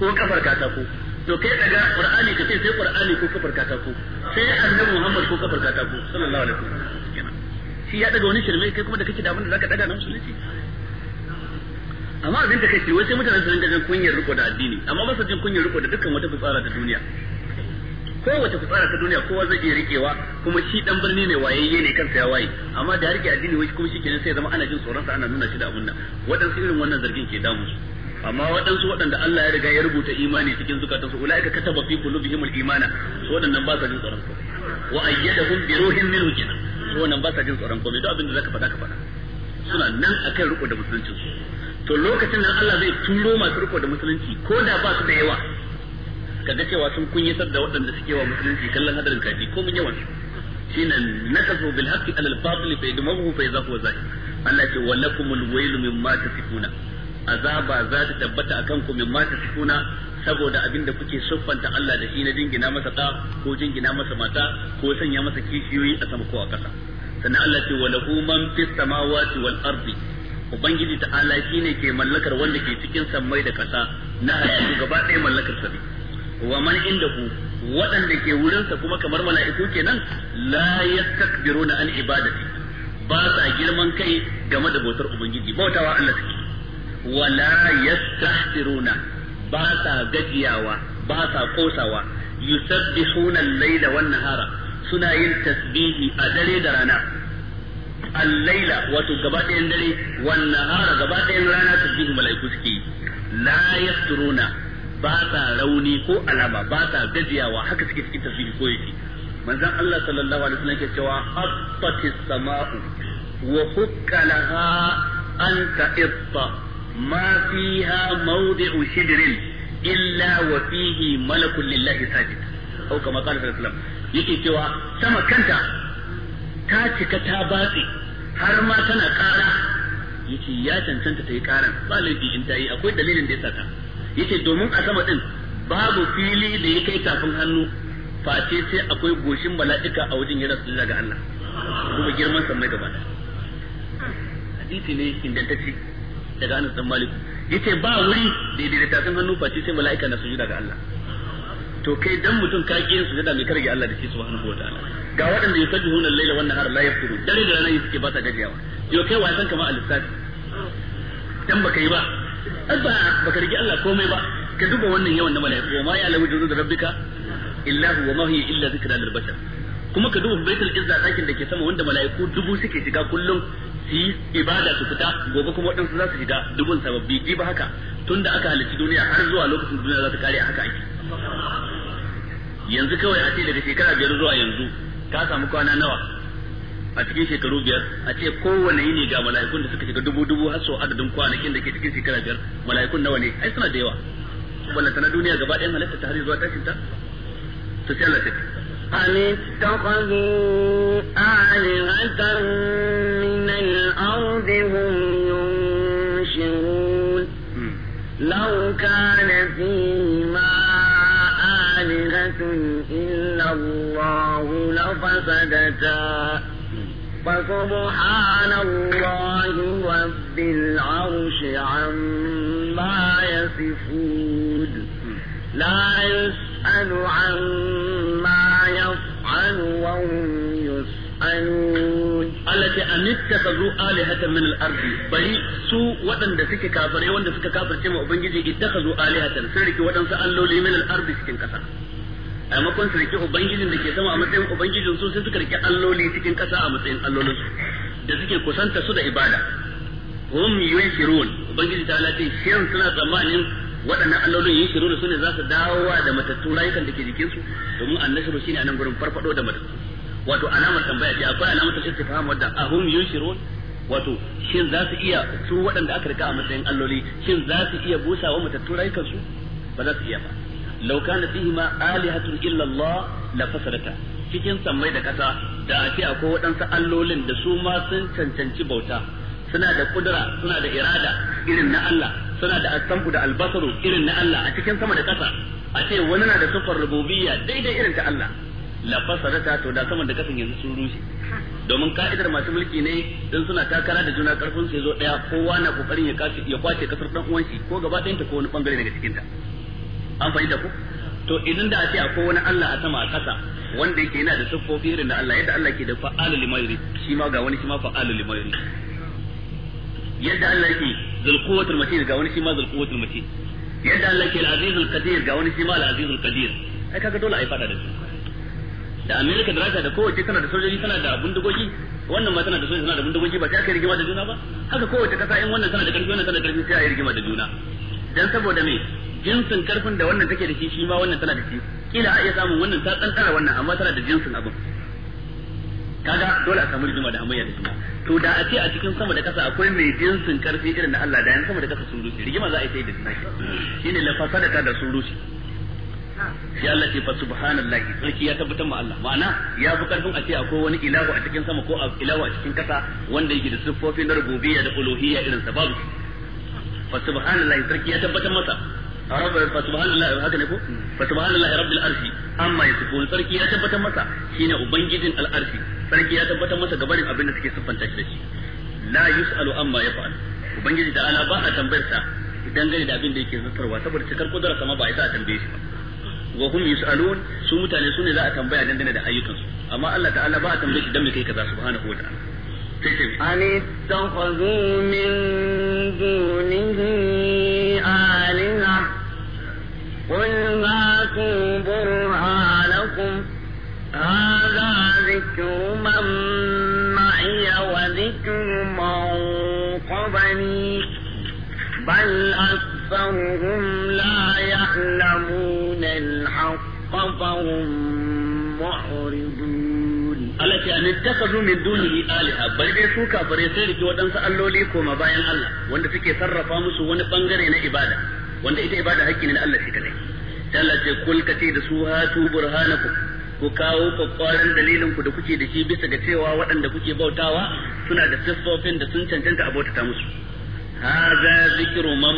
Speaker 1: ko kafar katako to kai daga qur'ani ka ce sai qur'ani ko kafar katako
Speaker 2: sai annabi
Speaker 1: muhammad ko kafar katako sallallahu alaihi wasallam shi ya daga wani shirme kai kuma da kake da abin da zaka daga nan musulunci amma abin da kake wai sai mutane su rinka jin kunyar riko da addini amma ba su jin kunyar riko da dukkan wata fitsara ta duniya Ko wata fitsara ta duniya kowa zai iya rikewa kuma shi dan birni ne wayayye ne kansa ya waye amma da rike addini wai kuma kenan sai zama ana jin tsoron sa ana nuna shi da abun wadansu waɗansu irin wannan zargin ke damu su amma waɗansu waɗanda Allah ya riga ya rubuta imani cikin zukatansu ulaika kataba fi qulubihim al-imana su waɗannan ba sa jin tsoron ko
Speaker 3: wa ayyadahum bi ruhin
Speaker 1: minhu kenan su waɗannan ba sa jin tsoron ko duk abin da zaka faɗa ka faɗa
Speaker 3: suna nan akan
Speaker 1: riko da musulunci to lokacin nan Allah zai turo masu riko da musulunci ko da ba su da yawa Ka kaga cewa sun kunyatar da waɗanda suke wa musulunci kallon hadarin kaji ko mun yawan shine nakasu bil haqqi alal batil fa yadmahu fa yadhahu zahir Allah ce wa lakumul waylu mimma tasifuna azaba za ta tabbata akan ku min mata sukuna saboda abin da kuke siffanta Allah da shi na jingina masa da ko jingina masa mata ko sanya masa kishiyoyi a sama ko a ƙasa sannan Allah ce walahu man fis samawati wal ardi ubangiji ta shi ne ke mallakar wanda ke cikin sammai da ƙasa na halittu gaba ɗaya mallakar sa wa man ku waɗanda ke wurinsa kuma kamar mala'iku kenan la yastakbiruna an ibadati ba sa girman kai game da bautar ubangiji bautawa Allah take wala yastahsiruna ba sa gajiyawa ba sa kosawa yusabbihuna al layla wan nahara suna yin tasbihi a dare da rana al layla wato gaba ɗayan dare wan nahara gaba ɗayan rana tasbihi mala'iku suke la yasturuna ba sa rauni ko alama ba sa gajiyawa haka suke cikin tasbihi ko yake manzon Allah sallallahu alaihi wasallam ke cewa habbatis sama'u wa hukkalaha laha an ما فيها موضع شجر إلا وفيه ملك لله ساجد أو كما قال صلى الله عليه وسلم yake cewa sama kanta ta cika ta batse
Speaker 3: har ma tana ƙara
Speaker 1: yace ya cancanta ta yi ƙaran ba laifi in ta yi akwai dalilin da ya saka yace domin a sama din babu fili da ya kai tafin hannu face sai akwai goshin mala'ika a wajen yana sunna ga Allah kuma girman sa mai gaba hadisi ne ta ce. daga Anas dan Malik yace ba wuri daidai da tafin hannu face sai mala'ika na sujuda ga Allah to kai dan mutum ka kiyin sujuda mai karge Allah da shi subhanahu wataala ga waɗanda yusajjihuna al-laila wannan har la yafturu dare da rana yake ba ta gajiyawa yo kai wasan ka al-lissafi dan baka yi ba ba baka rige Allah komai ba ka duba wannan yawan na mala'iku wa ma ya lawu da rabbika illa huwa ma hiya illa zikra lil bashar kuma ka duba baitul izza dakin da ke sama wanda mala'iku dubu suke shiga kullum su yi ibada su fita gobe kuma waɗansu za su shiga dubun sababbi ji ba haka tun da aka halicci duniya har zuwa lokacin duniya za ta kare a haka ake yanzu kawai a ce daga shekara biyar zuwa yanzu ka samu kwana nawa a cikin shekaru biyar a ce kowane yi ne ga mala'ikun da suka shiga dubu dubu har sau adadin kwanakin da ke cikin shekara biyar mala'ikun nawa ne ai suna da yawa ballanta na duniya gaba ɗayan halitta ta har zuwa tashin ta
Speaker 2: to sai Allah ta أم اتخذوا آلهة من الأرض هم ينشرون لو كان فيهما آلهة إلا الله لفسدتا فسبحان الله رب العرش عما يصفون لا يسأل عما يفعل وهم يسألون ce amitta kazu alihatan min al-ardi bari su waɗanda suke kafare
Speaker 1: wanda suka kafirce ma ubangiji ittakazu alihatan sun rike waɗansu alloli min al-ardi cikin ƙasa a makon su riki ubangijin da ke sama a matsayin ubangijin su sai suka rike alloli cikin ƙasa a matsayin allolin su da suke kusanta su da ibada hum yushirun ubangiji ta lati shirin suna tsammanin waɗannan allolin yushirun su ne za su dawo da matattu rayukan da ke jikinsu domin annashiru shine a nan gurin farfado da matattu wato alamar tambaya ce akwai alamar istifham wadda ahum yushirun wato shin za su iya su waɗanda aka rika a matsayin alloli shin za su iya busa wa matattu rayukan su ba za su iya ba law kana fihi ma alihatun illa Allah la fasadata cikin sammai da kasa da ake akwai waɗansu allolin da su ma sun cancanci bauta suna da kudura suna da irada irin na Allah suna da asambu da albasaru irin na Allah a cikin sama da kasa a ce wani na da sufar rububiyya daidai irin ta Allah la fasarata to da saman da kasan yanzu sun rushe domin ka'idar masu mulki ne don suna takara da juna karfin su zo daya kowa na kokarin ya kace ya kwace kasar dan uwan shi ko gaba ta ko wani bangare daga cikin ta an fahimta ku. to idan da a ce akwai wani Allah a sama a kasa wanda yake yana da siffofi irin da Allah yadda Allah ke da fa'alu limayri shi ma ga wani shi ma fa'alu limayri yadda Allah yake zulquwatul matin ga wani shi ma zulquwatul matin yadda Allah ke al-azizul qadir ga wani shi ma al-azizul qadir ai kaga dole ai fada da shi da Amerika da Rasha da kowace tana da sojoji tana da bindigogi wannan ma tana da sojoji tana da bindigogi ba sai aka rigima da juna ba haka kowace kasa in wannan tana da karfi wannan tana da karfi sai a yi rigima da juna dan saboda me jinsin karfin da wannan take da shi shi ma wannan tana da shi kila a iya samun wannan ta tsantsara wannan amma tana da jinsin abin kaga dole a samu rigima da amayya da juna to da a ce a cikin sama da kasa akwai mai jinsin karfi irin na Allah da yan sama da kasa sun rushe rigima za a yi sai da juna shine da ta da sun rushe sai Allah ce fa subhanallahi sarki ya tabbatar ma Allah ma'ana ya fi karfin a ce akwai wani ilahu a cikin sama ko a ilahu a cikin kasa wanda yake da siffofi na rububiyya da uluhiyya irin sa babu fa subhanallahi sarki ya tabbatar masa رب فسبحان الله هكا نكو فسبحان الله رب الارش اما يصفون sarki ya tabbatar masa shine ubangijin al al-arshi sarki ya tabbatar masa gabanin abin da suke siffanta shi da shi la yusalu amma yaf'al ubangiji da ala ba a tambayar sa dangane da abin da yake zartarwa saboda cikar kudura sama ba a isa a tambaye shi ba wa hum yusalun su mutane su ne za a tambaya dangane da ayyukansu amma Allah ta'ala ba a tambaye shi dan me kai kaza subhanahu wa ta'ala
Speaker 2: أن اتخذوا من دونه آلهة قل هاتوا برهانكم هذا ذكر من معي وذكر من قبلي بل أكثرهم لا يعلمون قَفَرٌ مُعْرِضُونَ Allah
Speaker 1: ce an ittakazu min dunihi alaha bal dai su kafare sai rike waɗansu alloli koma bayan Allah wanda suke sarrafa musu wani bangare na ibada wanda ita ibada hakki ne na Allah shi kadai sai Allah ce da su hatu burhanakum ku kawo kwakwaran dalilin ku da kuke da shi bisa ga cewa waɗanda kuke bautawa suna da siffofin da sun cancanta a bautata musu hadha zikru man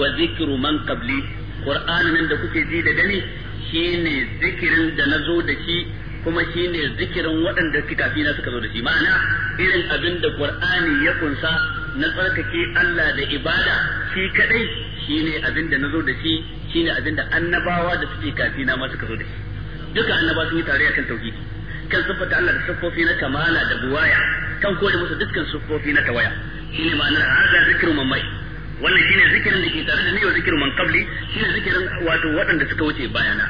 Speaker 1: wa zikru man qabli qur'anin da kuke ji da gani Shi ne zikirin da na zo da shi kuma shi ne zikirin waɗanda suka fi na suka zo da shi ma'ana irin abin da qur'ani ya kunsa na tsarkake Allah da ibada shi kadai shine abin da na zo da shi shi ne abin da annabawa da suke kafi na ma suka zo da shi duka annabawa sun yi tarayya kan tauhidi kan siffata Allah da siffofi na kamala da buwaya kan kore musu dukkan siffofi na tawaya shi shine ma'anar hada zikirin mamaye. wannan shine zikirin da ke tare da niyyar zikirin man qabli shine zikirin wato waɗanda suka wuce bayana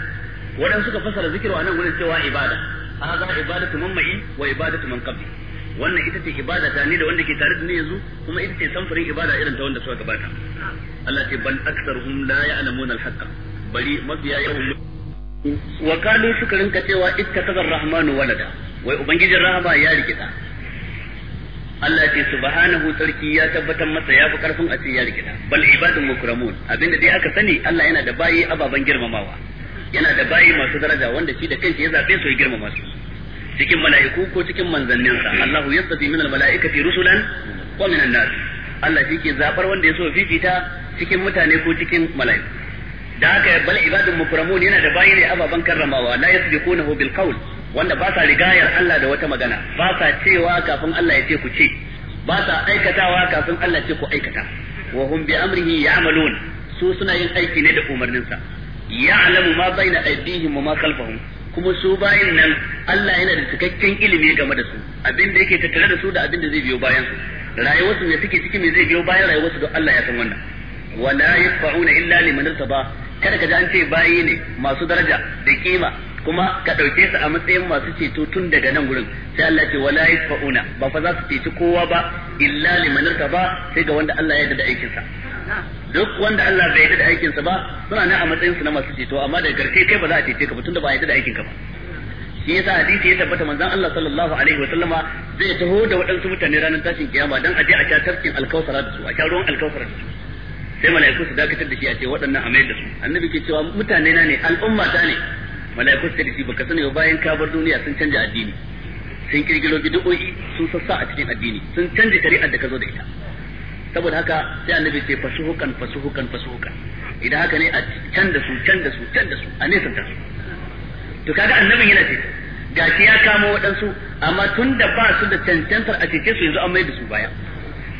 Speaker 1: waɗanda suka fasara zikiru anan gurin cewa ibada a za ibadatu man ma'i wa ibadatu man qabli wannan ita ce ibada ta ni da wanda ke tare da ni yanzu kuma ita ce samfurin ibada irin ta wanda suka gabata Allah ce bal aktsaruhum la ya'lamuna al-haqqa bari mafiya yawan wa kalu suka rinka cewa ittakaza ar-rahmanu walada wai ubangijin rahama ya rikita Allah ce subhanahu sarki ya tabbatar masa ya fi karfin a ce ya rikida bal ibadun mukramun abinda dai aka sani Allah yana da bayi ababan girmamawa yana da bayi masu daraja wanda shi da kansa ya zabe su ya girmama su cikin mala'iku ko cikin manzanninsa Allahu yastafi min al-mala'ikati rusulan wa min an-nas Allah shi ke zabar wanda ya so fifita cikin mutane ko cikin mala'iku da haka bal ibadun mukramun yana da bayi ne ababan karramawa la yasbiqunahu bil qawl wanda ba sa rigayar Allah da wata magana ba sa cewa kafin Allah ya ce ku ce ba sa aikatawa kafin Allah ce ku aikata wa hum bi amrihi ya'malun su suna yin aiki ne da umarninsa ya'lamu ma baina aydihim wa ma khalfahum kuma su bayin nan Allah yana da cikakken ilimi game da su abin da yake tattare da su da abin da zai biyo bayan su rayuwarsu ne take ciki me zai biyo bayan rayuwarsu don Allah ya san wannan wala yafa'una illa liman irtaba kada ka ji an ce bayi ne masu daraja da kima kuma ka ɗauke su a matsayin masu ceto tun daga nan gurin sai Allah ce wala yafauna ba fa za su ceci kowa ba illa liman ba sai ga wanda Allah ya yarda aikin aikinsa duk wanda Allah bai yarda da aikinsa ba suna nan a matsayin su na masu ceto amma daga karshe kai ba za a cece ka ba tunda ba yarda da aikinka ba shi yasa hadisi ya tabbata manzon Allah sallallahu alaihi wa sallama zai taho da waɗansu mutane ranar tashin kiyama dan a je a sha tafkin alkausara da su a sha ruwan alkausara da su sai mala'iku su dakatar da shi a ce waɗannan a mayar da su annabi ke cewa mutane na ne al'umma ta ne mala'ikun sai da shi baka sani bayan ka bar duniya sun canja addini sun kirkiro bid'o'i sun sassa a cikin addini sun canja shari'ar da ka zo da ita saboda haka sai annabi ce fasuhukan fasuhukan fasuhukan idan haka ne a canza su canza su canza su a nesa ta su to kaga annabin yana ce gashi ya kamo waɗansu amma tun da ba su da cancantar a cece su yanzu an maida da su baya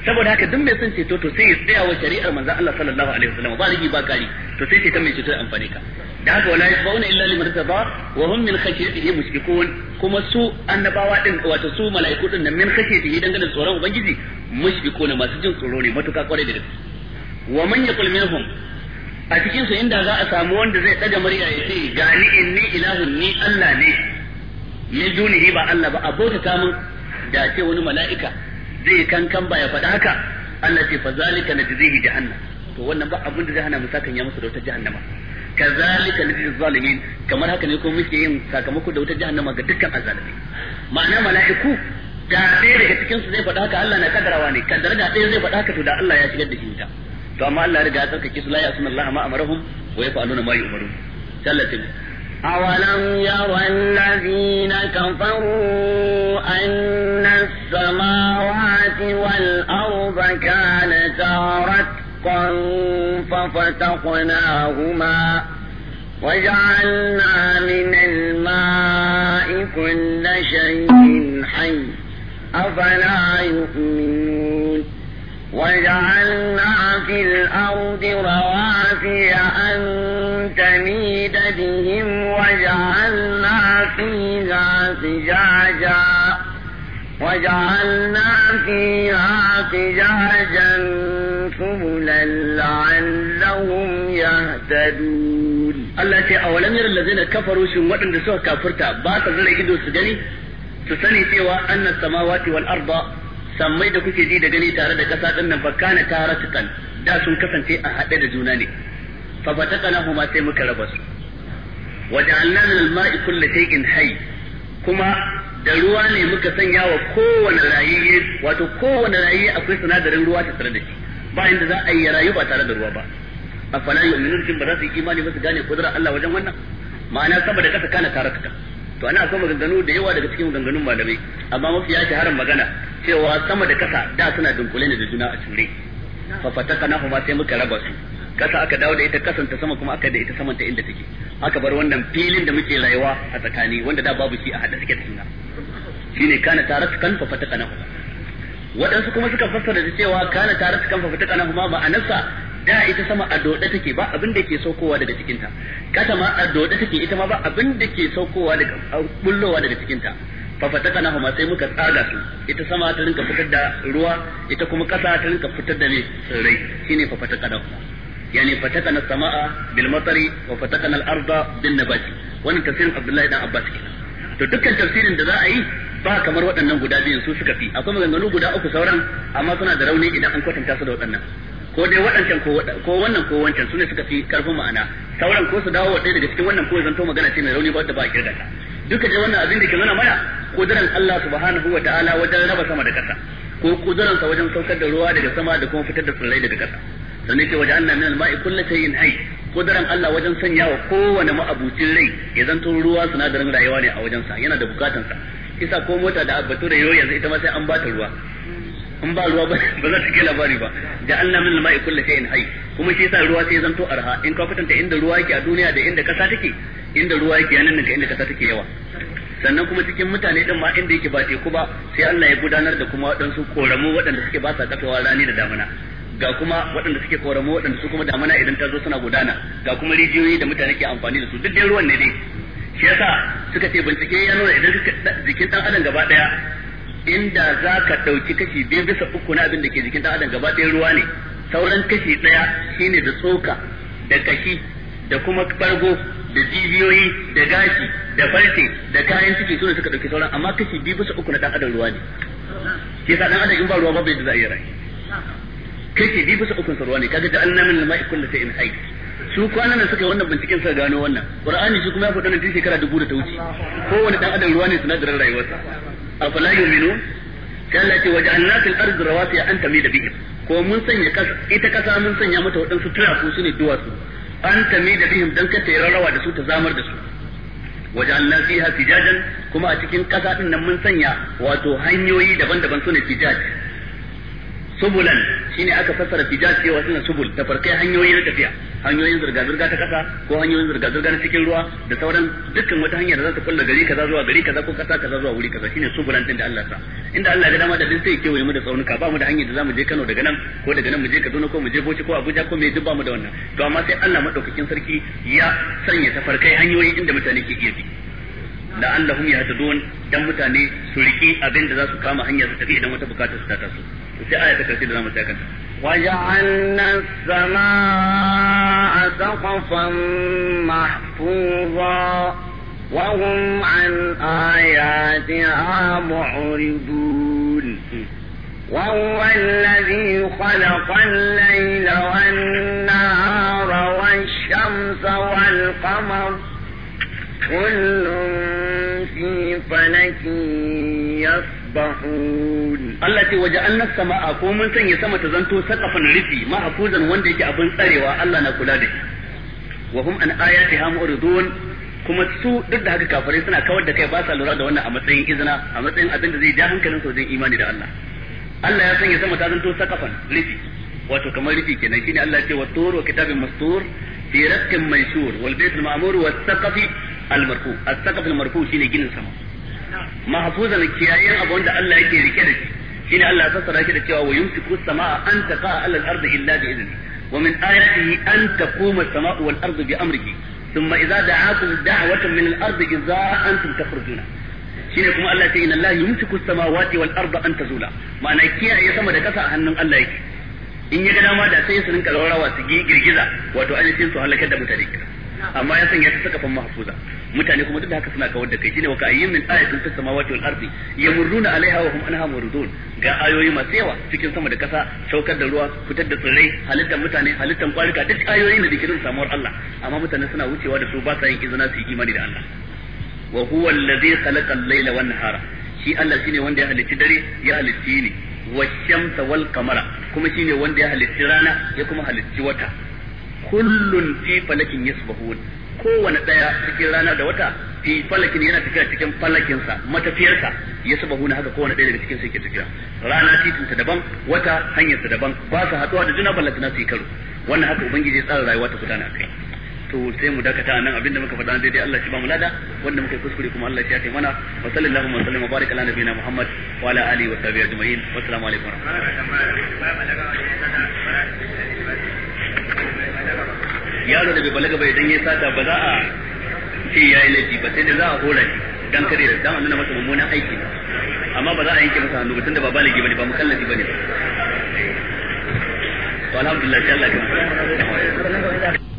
Speaker 1: saboda haka duk mai son ceto to sai ya tsaya wa shari'ar manzon Allah sallallahu alaihi wasallam ba rigi ba kari to sai ce ta mai ceto amfani ka
Speaker 2: da haka wala yasbauna illa liman
Speaker 1: tada wa hum min khashyatihi mushrikun kuma su annabawa din wato su mala'iku din nan min khashyatihi dangane tsoron ubangiji mushrikun masu jin tsoro ne matuka kwarai da gaske wa man yaqul minhum a cikin su inda za a samu wanda zai daga murya
Speaker 2: ya ce ga ni
Speaker 1: inni ilahun ni Allah ne Ni dunihi ba Allah ba abota ta mun da ce wani mala'ika zai kankan ba ya faɗa haka Allah ce fa zalika najzihi jahannam to wannan ba abin da zai hana mu sakan ya musu da wata jahannama kazalika nafsi zalimin kamar haka ne ko muke yin sakamako da wuta jahannama ga dukkan azzalimi ma'ana mala'iku da ɗaya daga cikin su zai faɗa haka Allah na kadarawa ne kadar da ɗaya zai faɗa haka to da Allah ya shigar da shi wuta to amma Allah ya riga ya tsarkake su la ya'suna Allah ma amarahum wa yaf'aluna ma yu'marun sallatin
Speaker 2: أولم ير الذين كفروا أن السماوات والأرض كانتا رتقا ففتقناهما وجعلنا من الماء كل شيء حي أفلا يؤمنون وجعلنا في الأرض رواسي أن تميد بهم وجعلنا فيها فجاجا وجعلنا فيها فجاجا سبلا لعلهم يهتدون
Speaker 1: Allah ce a walam yaral ladzina kafaru shin waɗanda suka kafirta ba sa zira ido su gani su sani cewa annas samawati wal arda sammai da kuke ji da gani tare da kasa din nan fa kana taratukan da sun kasance a hade da juna ne fa ma sai muka raba su wa ja'alna min al-ma'i kulli shay'in hayy kuma da ruwa ne muka sanya wa kowane rayiye wato kowane rayiye akwai sinadarin ruwa tare da shi ba inda za a yi rayuwa tare da ruwa ba afala yu'minun kin ba za su yi imani ba su gane kudura Allah wajen wannan ma'ana saboda da kasa kana tarakka to ana so maganganu da yawa daga cikin maganganun malamai amma mafi ya haram magana cewa sama da kasa da suna dunkule ne da juna a cire fa fataka na kuma sai muka raba su kasa aka dawo da ita kasanta sama kuma aka da ita saman ta inda take aka bar wannan filin da muke rayuwa a tsakani wanda da babu shi a hada suke da juna shine kana tarakkan fa fataka na kuma waɗansu kuma suka fassara da cewa kana tarakkan fa fataka na kuma anasa da ita sama a dode take ba abin da ke saukowa daga cikin ta kasa ma a dode take ita ma ba abin da ke saukowa daga bullowa daga cikin ta fa fatakana huma sai muka tsaga su ita sama ta rinka fitar da ruwa ita kuma kasa ta rinka fitar da ne tsirrai shine fa fatakana huma yani fatakana sama'a bil matari wa fatakana al arda bin nabati wannan tafsirin Abdullahi dan Abbas kenan to dukkan tafsirin da za a yi ba kamar waɗannan guda biyu su suka fi akwai maganganu guda uku sauran amma suna da rauni idan an kwatanta su da waɗannan ko dai waɗancan ko wannan ko wancan sune suka fi karfin ma'ana sauran ko su dawo wa ɗaya daga cikin wannan ko zanto magana ce mai rauni ba da ba a kirga ta duka dai wannan abin da ke nuna mana kuduran Allah subhanahu wa ta'ala wajen raba sama da ƙasa ko kuduran sa wajen saukar da ruwa daga sama da kuma fitar da tsirrai daga ƙasa sannan ce wajen annan nan ma'i kullu shay'in ai kuduran Allah wajen sanya wa kowane ma'abucin rai ya zanto ruwa sinadarin rayuwa ne a wajen sa yana da bukatun sa isa ko mota da abatu da yau yanzu ita ma sai an bata ruwa in ba ruwa ba za ta kai labari ba Da Allah min al-ma'i kulli shay'in hayy kuma shi yasa ruwa sai zanto arha in ka kwatanta inda ruwa yake a duniya da inda kasa take inda ruwa yake nan ka inda kasa take yawa sannan kuma cikin mutane din ma inda yake ba teku ba sai Allah ya gudanar da kuma waɗansu koramu waɗanda suke ba sa kafewa rani da damina ga kuma waɗanda suke koramu waɗanda su kuma damina idan ta zo suna gudana ga kuma rijiyoyi da mutane ke amfani da su duk dai ruwan ne dai shi yasa suka ce bincike ya nuna idan jikin dan adam gaba daya inda za ka ɗauki kashi biyu bisa uku na abin da ke jikin ɗan adam gaba ɗaya ruwa ne sauran kashi ɗaya shine da tsoka da kashi da kuma ɓargo da jijiyoyi da gashi da farce da kayan ciki su ne suka ɗauki sauran amma kashi biyu bisa uku na ɗan adam ruwa ne
Speaker 3: ke sa ɗan adam in ba ruwa ba
Speaker 1: bai da za a yi rayu kashi biyu bisa uku sa ruwa ne kaga da Allah min lama'i kullu in hayy su kwanan nan suka yi wannan binciken suka gano wannan qur'ani shi kuma ya faɗa nan tun shekara dubu da ta wuce kowane ɗan adam ruwa ne sinadarin rayuwarsa afala yu'minu sai Allah ce waja'alna fil ardi rawasiya an tamida bihim ko mun sanya kasa ita kasa mun sanya mata waɗansu turafu su ne duwatsu an tamida bihim dan ka tayi rawa da su ta zamar da su waja'alna fiha fijajan kuma a cikin kasa din nan mun sanya wato hanyoyi daban-daban su ne fijaj subulan shine aka fassara tijaj cewa suna subul tafarkai hanyoyi na tafiya hanyoyin zirga zirga ta kasa ko hanyoyin zirga zirga na cikin ruwa da sauran dukkan wata hanya da za ta kulla gari kaza zuwa gari kaza ko kasa kaza zuwa wuri kaza shine subulan din da Allah sa inda Allah ya dama da din sai kewaye mu da tsaunuka ba mu da hanyar da zamu je Kano daga nan ko daga nan mu je Kaduna ko mu je Bauchi ko Abuja ko me duk ba mu da wannan to amma sai Allah madaukakin sarki ya sanya tafarkai hanyoyi inda mutane ke iya bi da Allah la'allahum yahtadun dan mutane su riki abin da za su kama hanya su tafi idan wata bukata su ta taso آية
Speaker 2: وجعلنا السماء سقفا محفوظا وهم عن آياتها معرضون وهو الذي خلق الليل والنهار والشمس والقمر كل في فلك يسر Allah ce يسبحون
Speaker 1: الله تي وجعلنا السماء كو من سنيا سما تزنتو سقفا رفي محفوظا wanda yake abin tsarewa Allah na kula da shi wa hum an ayatiha mu'ridun kuma su duk da haka kafirai suna kawar da kai ba sa lura da wannan a matsayin izina a matsayin abin da zai ja hankalin su wajen imani da Allah Allah ya sanya sama ta zanto sakafan rufi wato kamar rufi kenan shine Allah ce wa tur wa kitabin mastur fi raqin mansur wal bayt al ma'mur was saqafi al marfu as saqaf al marfu shine ginin sama mahfuzan kiyayen abu wanda Allah yake rike da shi shi ne Allah ya fassara shi da cewa wa yumsiku samaa an taqa'a ala al-ardi illa bi idni wa min ayatihi an taquma as-samaa'u wal ardu bi amrihi thumma idza da'akum da'watan min al-ardi idza antum takhrujuna shine kuma Allah ya ce inna Allah yumsiku as-samawati wal arda an tazula ma'ana kiyaye sama da kasa a hannun Allah yake in ya ga dama da sai su rinka rawa su girgiza wato ainihin su halakar da mutane kira
Speaker 3: amma ya sanya ta
Speaker 1: saka fan mahfuza mutane kuma duk da haka suna kawar da kai shine wa kayyin min ayatin fis samawati wal ardi yamurruna alaiha wa hum anha muridun ga ayoyi masu yawa cikin sama da kasa saukar da ruwa fitar da tsirrai halittar mutane halittar kwarika duk ayoyi ke dikirin samuwar Allah amma mutane suna wucewa da su ba sa yin izina su yi imani da Allah wa huwa alladhi khalaqa al-laila wan nahara shi Allah shine wanda ya halicci dare ya halicci ni wa shamsa wal qamara kuma shine wanda ya halicci rana ya kuma halicci wata kullun fi falakin yasbahun kowane daya cikin rana da wata fi falakin yana tafiya cikin falakinsa matafiyarsa ya sa yasbahun haka kowane daya daga cikin su yake tafiya rana titinta daban wata hanyarsa daban ba su haɗuwa da juna ballantana su yi karo wannan haka ubangiji ya tsara rayuwa ta gudana kai to sai mu dakata a nan abinda muka faɗa daidai Allah shi ba mu lada wanda muka kuskure kuma Allah shi ya taimana wa sallallahu wa sallam barik ala nabiyina Muhammad wa ala alihi wa sahbihi ajma'in wa assalamu alaikum wa yaro da bai balaga bai dan ya sata ba za a ce yayi laifi ba sai da za a hora shi dan kare da dan annana masa mummunan aiki amma ba za a yanke masa hannu ba tunda ba baligi bane ba mukallafi bane to alhamdulillah sai
Speaker 3: Allah ya